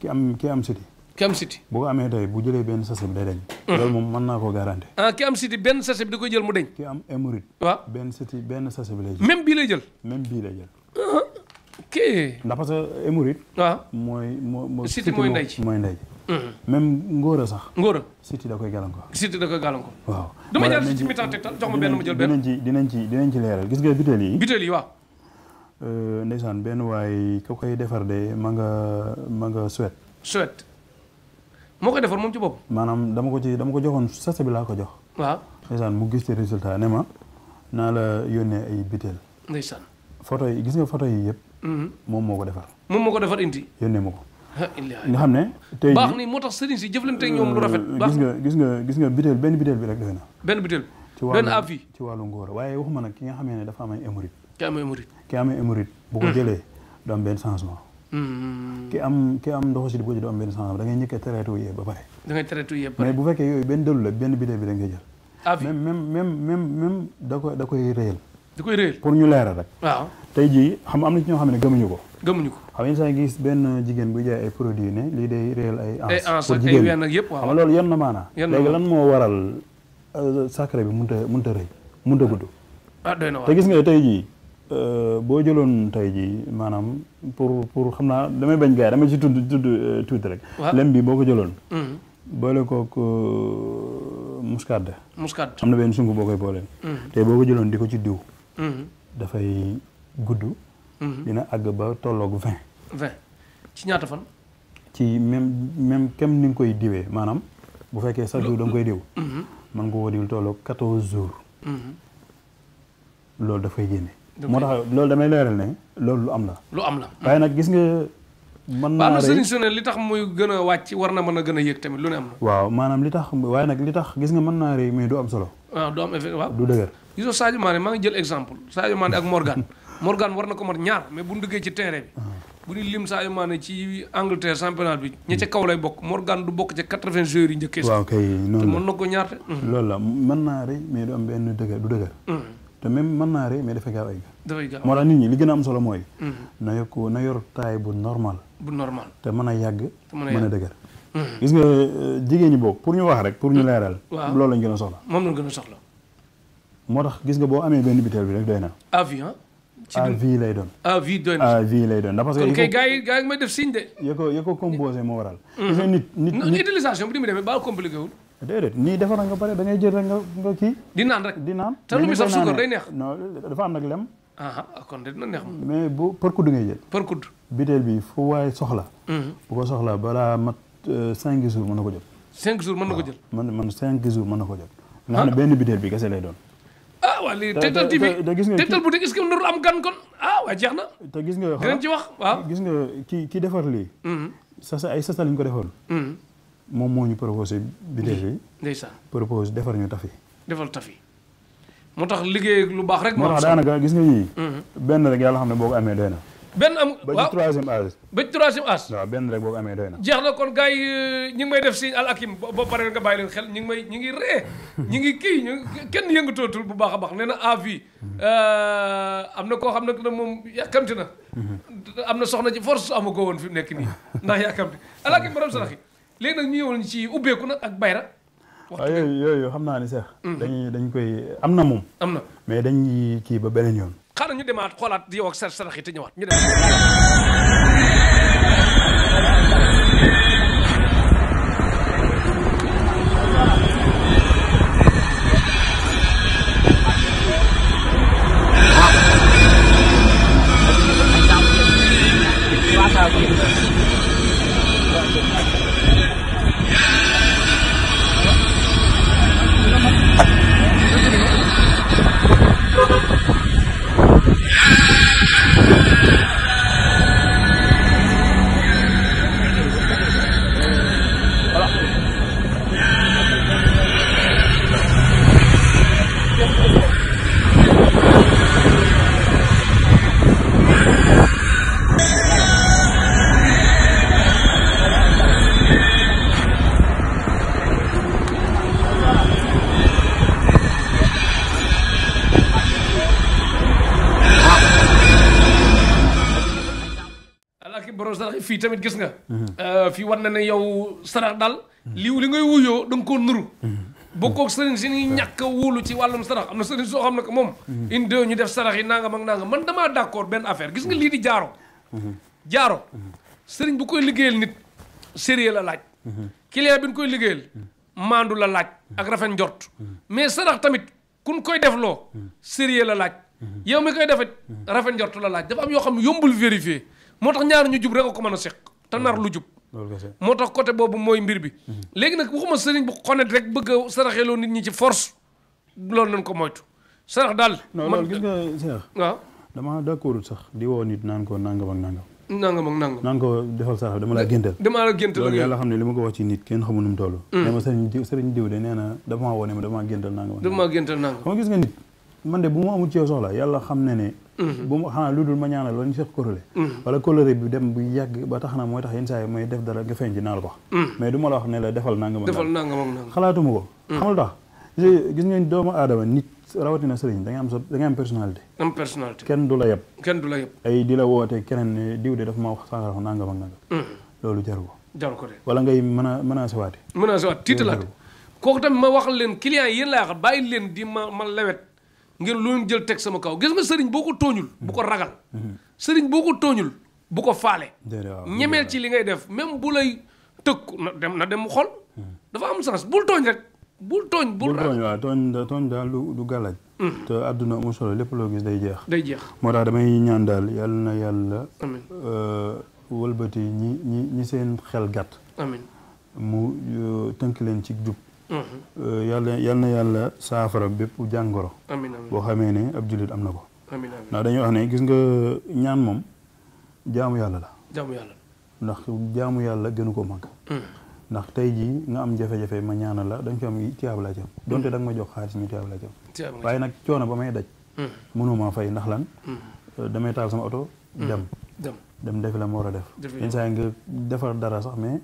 Speaker 2: ki am ki am siti Camp City bu ko amee tey bu jëlee benn sachet bi day dañ hmm. loolu moom koo garanti ah Camp City benn da koy jël mu dañ ki am hémorroïde benn sachet benn sachet bi lay jël même bii lay jël même bii lay jël uh-huh. ndax parce que hémorroïde waaw mooy moo City mooy ndey ci mooy uh-huh. ndey même ngóora sax ngóora City da koy gàllankoor
Speaker 1: City da koy gàllankoor
Speaker 2: waaw damay jàll si ci mi temps
Speaker 1: tegtal jox ma benn mu jël benn
Speaker 2: dinañ ci dinañ ci dinañ ci leeral gis nga butéel yi butéel yi waaw euh, ndeysaan benn waay ko koy defar de ma nga ma nga Suède Suède moo koy defar moom ci bopp. maanaam dama ko ci dama ko joxoon sase bi laa ko jox. waaw ndeysaan mu gis ci résultat ne ma naa la yónnee ay biteel. ndeysaan photo yi gis nga foto yi yëpp. Mm-hmm. moom moo ko defar. moom moo ko defar indi. yónnee ma ko.
Speaker 1: nga xam
Speaker 2: ne tey baax
Speaker 1: ni moo tax sëriñ si jëflante ak ñoom lu rafet. Euh, gis
Speaker 2: nga gis nga gis nga biteel benn biteel bi rek defe na. benn biteel benn ab fii ci wàllu ngóor waaye waxuma nag ki nga xamee ne dafa am ay hémorroïde. ki amee hémorroïde. ki amee hémorroïde. jëlee du am benn changement. Mm-hmm. ki am ki am ndoxu si di ko ci du am benn sens da ngay njëkkee traité ba pare. mais bu fekkee yooyu benn dëllu la benn bidon bi da ngay jël. avi ah même même da koy da koy réyal. da koy réyal pour ñu leeral rek. waaw tey jii xam am na ci ñoo xam ne gëmuñu ko. gëmuñu ko xam nga saa gis benn jigéen buy jaay ay produits ne lii day réyal ay. ans ay ans ak yëpp waaw xam nga loolu yan na maanaa. na léegi lan moo waral euh, sacré bi mënut munta mënut a rëy mënut a gudd. Ah, te gis nga tey jii Euh, boo jëloon tey jii maanaam pour pour xam naa damay bañ gars yi damay ci tudd tudd euh, tuuti rek. lem bii boo ko jëloon. Hmm. boole kook euh, muscade. muscade am na benn sungu boo koy booleel. Hmm. tey boo ko jëloon di ko ci diw. Hmm. dafay gudd. dina àgg ba tolloog vingt.
Speaker 1: vingt ci ñaata fan.
Speaker 2: ci même même kem ni nga koy diwee maanaam bu fekkee sax jour da koy diw. mën nga koo diwlu tolloog quatorze jours. loolu dafay génne. moo tax loolu damay leeral ne loolu lu am la. lu am la waaye nag gis nga. man naa rey
Speaker 1: sëriñ li tax muy gën a wàcc war na mën a gën a yéeg tamit lu ne am na.
Speaker 2: waaw maanaam li tax waaye nag li tax gis nga mën naa rey mais du am solo.
Speaker 1: waaw du am effet waaw ngi jël exemple Sadio Mané ak Morgan Morgan war na ko mat ñaar mais bu ñu duggee ci terrain bi. Ah. bu ñu lim Sadio Mané ci Angleterre championnat bi ña ca kaw lay bokk Morgan du bokk ca quatre yi njëkkee. waaw kay noonu la te mën na ko ñaar. Mm.
Speaker 2: loolu la mën naa mais du am benn dëgër du dëgër. Mm. te même mën naa ree mais dafa gaaw ay moo tax nit ñi li gën a am solo mooy mhm. na yokk bu normal bu normal te mën a yàgg mën a dëgër mhm. gis nga euh, jigéen ñi boobu pour ñu wax rek pour ñu mhm. leeral loolu lañ gën a soxla
Speaker 1: moom lañ gën a soxla
Speaker 2: moo tax gis nga boo amee benn biteel bi rek doy na à vie à vie lay doon à vie doy na à vie lay doon ndax parce que kon
Speaker 1: yi gars yi may def signe de ya ko ya ko waral
Speaker 2: gis nga nit nit
Speaker 1: utilisation bi di mu demee baa compliqué
Speaker 2: déedéet nii defar na nga pare da ngay jël rek nga nga kii. di naan rek di naan. te lu muy saf day
Speaker 1: neex. non dafa am nag lem. ah, ah kon de dina neex.
Speaker 2: mais bu par kudd ngay jël. par kudd. biteel bi fu waaye soxla. Mm-hmm. bu ko soxla balaa mat euh, cinq jours mën na ko jël. cinq jours mën na ko jël. man man cinq jours mën na ko jël. Ah. nga benn biteel bi kese lay doon.
Speaker 1: ah waa lii tegtal TV tegtal bu dee est-ce que am gan kon ah waa
Speaker 2: jeex na. te gis nga. dinañ ci wax waaw gis nga kii kii defar lii. Mm-hmm. sa sa ay sa lañ ko defoon. Mm-hmm. moom moo ñu proposé biddew yi. ndeysaan proposé defar ñu taf
Speaker 1: defal taf moo tax liggéey lu baax rek. moo tax daanaka
Speaker 2: gis nga yii. Mhm. benn rek yàlla xam ne boo amee doy na.
Speaker 1: benn am waaw ba ci
Speaker 2: troisième âge. ba ci troisième âge. benn rek boo amee
Speaker 1: doy na. jeex na kon gars yi euh, ñi ngi may def si al akim boo paree nga bàyyi xel ñi ngi may ñi ngi ree ñi ngi kii kenn yëngatootul bu baax a baax nee na avi vie euh, am na koo xam ne moom yàkkamti na. Mhm. am na soxna ci force amu ko woon fi mu nekk nii ndax yàkkamti al akim borom sarax léegi nag ñu ñëwoon ci ubbeeku nag ak bayra
Speaker 2: waaw yooyu yooyu xam naa ni sax mm-hmm. dañuy dañ koy am na moom am na mais dañuy kii ba beneen yoon
Speaker 1: a ñu demaat xoolaat yow ak sar sarax yi te ñëwaat ñu dem tamit gis nga. Euh, fi war na ne yow sarax daal. liw li ngay wuyoo da nga nur nuru. bokkoo sëriñ si ñuy ñàkk a wóolu ci wàllum sarax am na sëriñ soo xam ne que moom. une ñu def sarax yi nangam ak nangam man damaa d' accord benn affaire gis nga lii di jaaro. jaaro sëriñ bu koy liggéeyal nit sérieux la laaj. client bi ñu koy liggéeyal maandu la laaj ak rafet njort mais sarax tamit kun koy def loo sérieux la laaj. yow mi koy defet rafet njort la laaj dafa am yoo xam ne yombul vérifier moo tax ñaar ñu jub rek a ko mën a seq te nar lu jub moo tax côté boobu mooy mbir bi mhm. léegi nag waxuma sëriñ bu xonet rek bëgg a saraxeloo nit ñi ci force loolu nañ ko moytu sarax daal non loolu gis
Speaker 2: nga Cheikh waaw dama d'accordul sax di woo nit naan ko nangam ak nangam nangam ko defal sarax dama la géntal dama la géntal loolu yàlla xam ne li ma ko wax ci nit kenn xamul nu mu toll mm. dama sëriñ na nit man de bu ma amul ci yow soxla yàlla xam ne ne mhm. bu ma xanaa lu dul ma ñaanal wala ñu seq korole mhm. wala korole bi dem bu yàgg ba tax na mooy tax yenn saa yi mooy def dara nga da nga am sa da nga am personnalité am kenn du la yeb kenn du la yeb ay di la woote keneen ne diw de dafa ma wax sànqal nangam ak nangam mhm. loolu jaru ko jaru ko de wala ngay mën a menacé waate
Speaker 1: menacé waat tiitalaat kooku tamit ma wax leen client yi yéen bàyyi leen di ma ma ngir lu jël teg sama kaw gis nga sëriñ boo ko tooñul bu ko ragal sëriñ boo ko tooñul bu ko faale ñemeel ci li ngay def même bu lay tëkk na dem na dem xol dafa am sens bul tooñ rek bul tooñ bul
Speaker 2: tooñ waaw tooñ daal du du gàllaaj hmm. te àdduna amul solo lépp loo gis day jeex day jeex moo tax damay ñaan daal yàlla na yàlla amiin euh, wëlbati ñi ñi seen xel gàtt amiin mu euh, tënk leen ci jub Euh, yàlla yal na yàlla saafara bépp jàngoro. amiin boo xamee ne ab jullit am na ko. amiin amiin ndax dañuy wax ne gis nga ñaan moom jaamu yàlla la. jaamu yàlla ndax jaamu yàlla gënu ko mag. Hmm. ndax tey jii nga am jafe-jafe ma ñaana la dañ ko am tiyaab laa ci am hmm. donte da ma jox xaalis mi tiyaab laa ci am waaye nag coono ba may daj hmm. mënuma fay ndax lan euh, damay taal sama oto dem dem defi la ma war a def yenn saa yi nga defar dara sax mais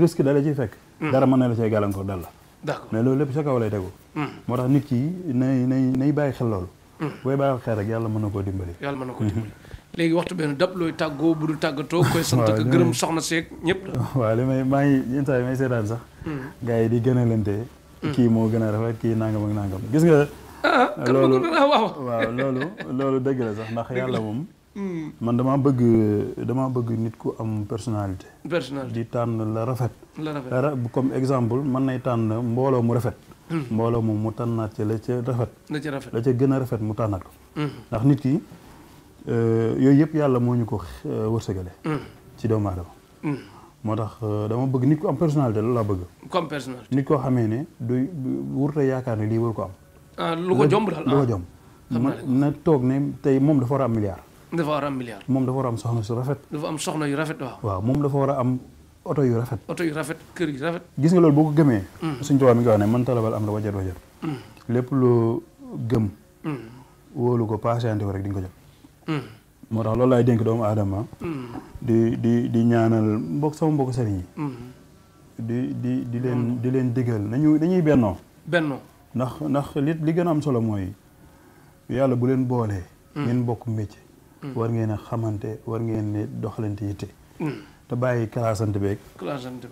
Speaker 2: risque dala ciy fekk dara mën na la cay gàllankoor dal la d'accord mais loolu lépp sa kaw lay tegu. Hmm. moo tax nit ki nay nay nay bàyyi xel loolu. Hmm. booy bàyyi xel rek yàlla mën na koo dimbali. yàlla mën na koo hmm. dimbali
Speaker 1: léegi waxtu benn dab looy tàggoo bu du tàggatoo. koy sant ak gërëm soxna Seck
Speaker 2: ñëpp waa waaw li may maa ngi yenn saa yi may seetaan sax. gars yi di gën a lente. kii moo gën a rafet kii nangam ak nangam gis nga. Ah, ah, loolu waaw loolu loolu dëgg la sax ndax yàlla moom. man damaa bëgg damaa bëgg nit ku am personnalité. personnalité di tànn la rafet. la comme exemple man nay tànn mbooloo mu rafet. Hmm. mbooloo moom mu tànnaat ca la ca rafet. la ca rafet la ca gën a rafet mu tànnaat ko. Hmm. ndax nit ki euh, yooyu yëpp yàlla moo ñu ko euh, wërsëgale. Hmm. ci doomu aadama. moo tax euh, dama bëgg nit ku am personnalité loolu laa bëgg.
Speaker 1: comme personnalité
Speaker 2: nit koo xamee ne du wurta yaakaar ne lii war ko am.
Speaker 1: Ah, lu ko jomb daal lu ko jomb.
Speaker 2: Ah, na toog ne tey moom dafa war a am milliard. dafa war a am milliard. moom dafa war a am soxna su rafet.
Speaker 1: dafa am soxna yu rafet
Speaker 2: waaw. moom dafa war a am oto yu rafet. oto
Speaker 1: yu rafet kër yu rafet.
Speaker 2: gis nga loolu boo ko gëmee. Mm. suñ tubaab mi ngi wax ne man talabal am la wajar wajar. Mm. lépp loo gëm. Mm. wóolu ko patienté ko rek di nga ko
Speaker 3: jot.
Speaker 2: moo tax loolu laay dénk doomu aadama. di di di ñaanal mbokk sama mbokk sëriñ di di di leen di leen digal nañu dañuy bennoo. bennoo ndax ndax li gën a am solo mooy yàlla bu leen boolee. ngeen bokk métier. Mm. war ngeen a xamante war ngeen ne doxalante yitte mm. te bàyyi kalaasante beeg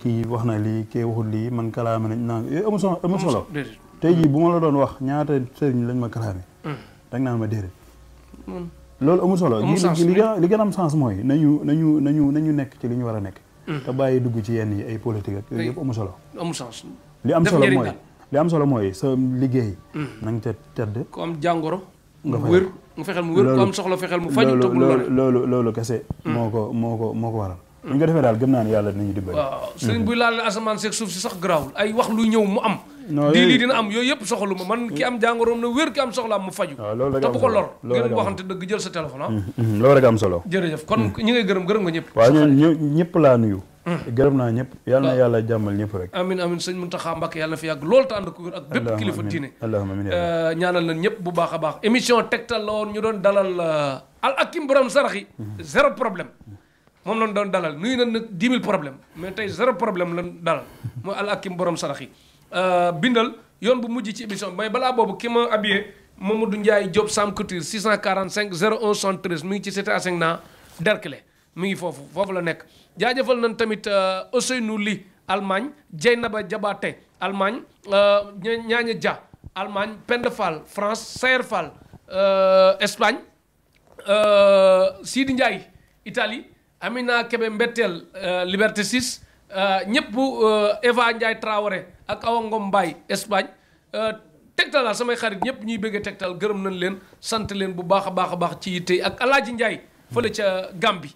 Speaker 2: kii wax na lii kii waxul lii man kalaame nañ naa yooyu amul solo amul solo tey jii mm. bu ma la doon wax ñaata sëriñ lañ ma kalaame da nga naan ma déedéet loolu amul solo li gën am sens mooy nañu nañu nañu nañu nekk ci li ñu war a nekk te bàyyi dugg ci yenn yi ay politique yooyu yëpp amul solo
Speaker 1: li am solo mooy
Speaker 2: li am solo mooy sa liggéey na ca tedd ku
Speaker 1: am jàngoro nga wér nga fexeel mu wér ko soxla fexeel mu faju toog loolu
Speaker 2: loolu loolu kese hmm. moo ko moo ko moo ko waral hmm. ñu ko defee daal gëm naa ne yàlla dinañu dimbali waaw sëriñ
Speaker 1: buy laal asamaan seeg suuf si sax garaawul ay wax lu ñëw mu am di lii dina am yooyu yëpp soxalu ma man ki am jàngoroom na wér ki am soxlaam mu faju te bu ko lor ngeen waxante dëgg jël sa téléphone ah
Speaker 2: hmm, loolu rek am solo
Speaker 1: jërëjëf kon ñi ngay gërëm gërëm nga ñëpp waaw
Speaker 2: ñëpp laa nuyu gërëm naa ñëpp yal na yàlla jàmmal ñëpp rek
Speaker 1: amin amin sëñ Mountakha Mbacké yàlla fi yàgg loolu te ànd ko ak bépp kilifa diine
Speaker 2: euh,
Speaker 1: ñaanal na ñëpp bu baax a baax émission tegtal la woon ñu doon dalal euh, al akim borom saraxi mhm. zéro problème moom lañ doon dalal nuyu na nag dix mille problème mais tey zéro problème lañ dalal mooy al akim borom saraxi euh, bindal yoon bu mujj ci émission mais balaa boobu ki ma habillé Mamadou Ndiaye Diop Sam Couture 645 01 73 mi ngi ci cité Asegna le mi ngi foofu foofu la nekk jaajëfal nañ tamit euh, Ousseynou Ly Allemagne Dieynaba jabate Allemagne Ñaaña euh, Dia Allemagne Penda Fall France Sayer Fall euh, Espagne Sidi Ndiaye Italie Amina Kebe Mbetteel Liberté 6 ñëpp Eva Ndiaye Traoré ak Awa Ngom mbaay Espagne tegtal laa samay xarit ñëpp ñuy bëggee tegtal gërëm nañ leen sant leen bu baax a baax a baax ci tey ak Alaaji Ndiaye fële ca Gambie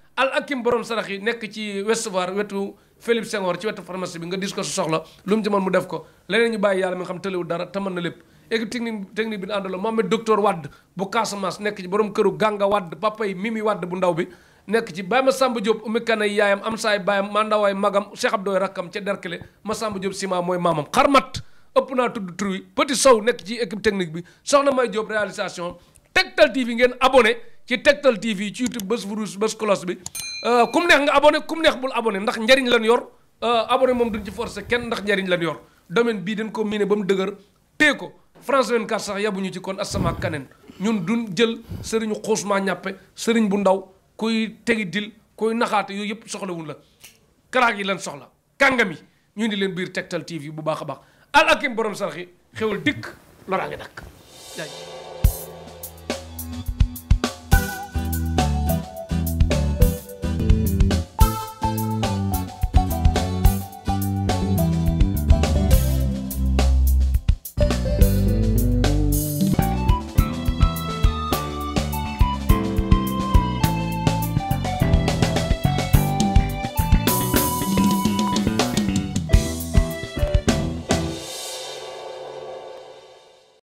Speaker 1: al akim borom sarax yi nekk ci Ouest Foire wetu Philippe Senghor ci wetu pharmacie bi nga dis ko sa soxla lu mu ci mu def ko leneen ñu bàyyi yàlla mi nga xam tëlewul dara te mën na lépp équipe technique technique bi ñu àndaloo Mohamed docteur Wadd bu Casamance nekk ci borom këru Ganga Wadd papa yi Mimi Wadd bu ndaw bi nekk ci Baye Massamba Diop ummi kanay yaayam am saay baayam mandawaay magam Cheikh Abdoy rakkam ca Derkele Massamba Diop ciment mooy maamam xarmat ëpp naa tudd tur Sow nekk ci équipe technique bi soxna May Diop réalisation Tektal TV ngeen abonné ci Tektal TV ci YouTube bés bu rouge bés cloche bi euh, kum neex nga abonné kum neex bul abonné ndax njariñ lan yor euh, abonné moom duñ ci forcer kenn ndax njariñ lan yor domaine bii den ko miné ba mu dëgër téye ko France 24 sax yabuñu ci kon sama kaneen ñun duñ jël sëriñu xuusmaa ñàppe sëriñ bu ndaw koy tegi dil kuy naxaate yooyu yëpp soxlawul la karaag yi lan soxla kàngam yi ñu indi leen biir Tektal TV bu baax a baax al akim borom sarax yi xewal dikk loraa ngi dakk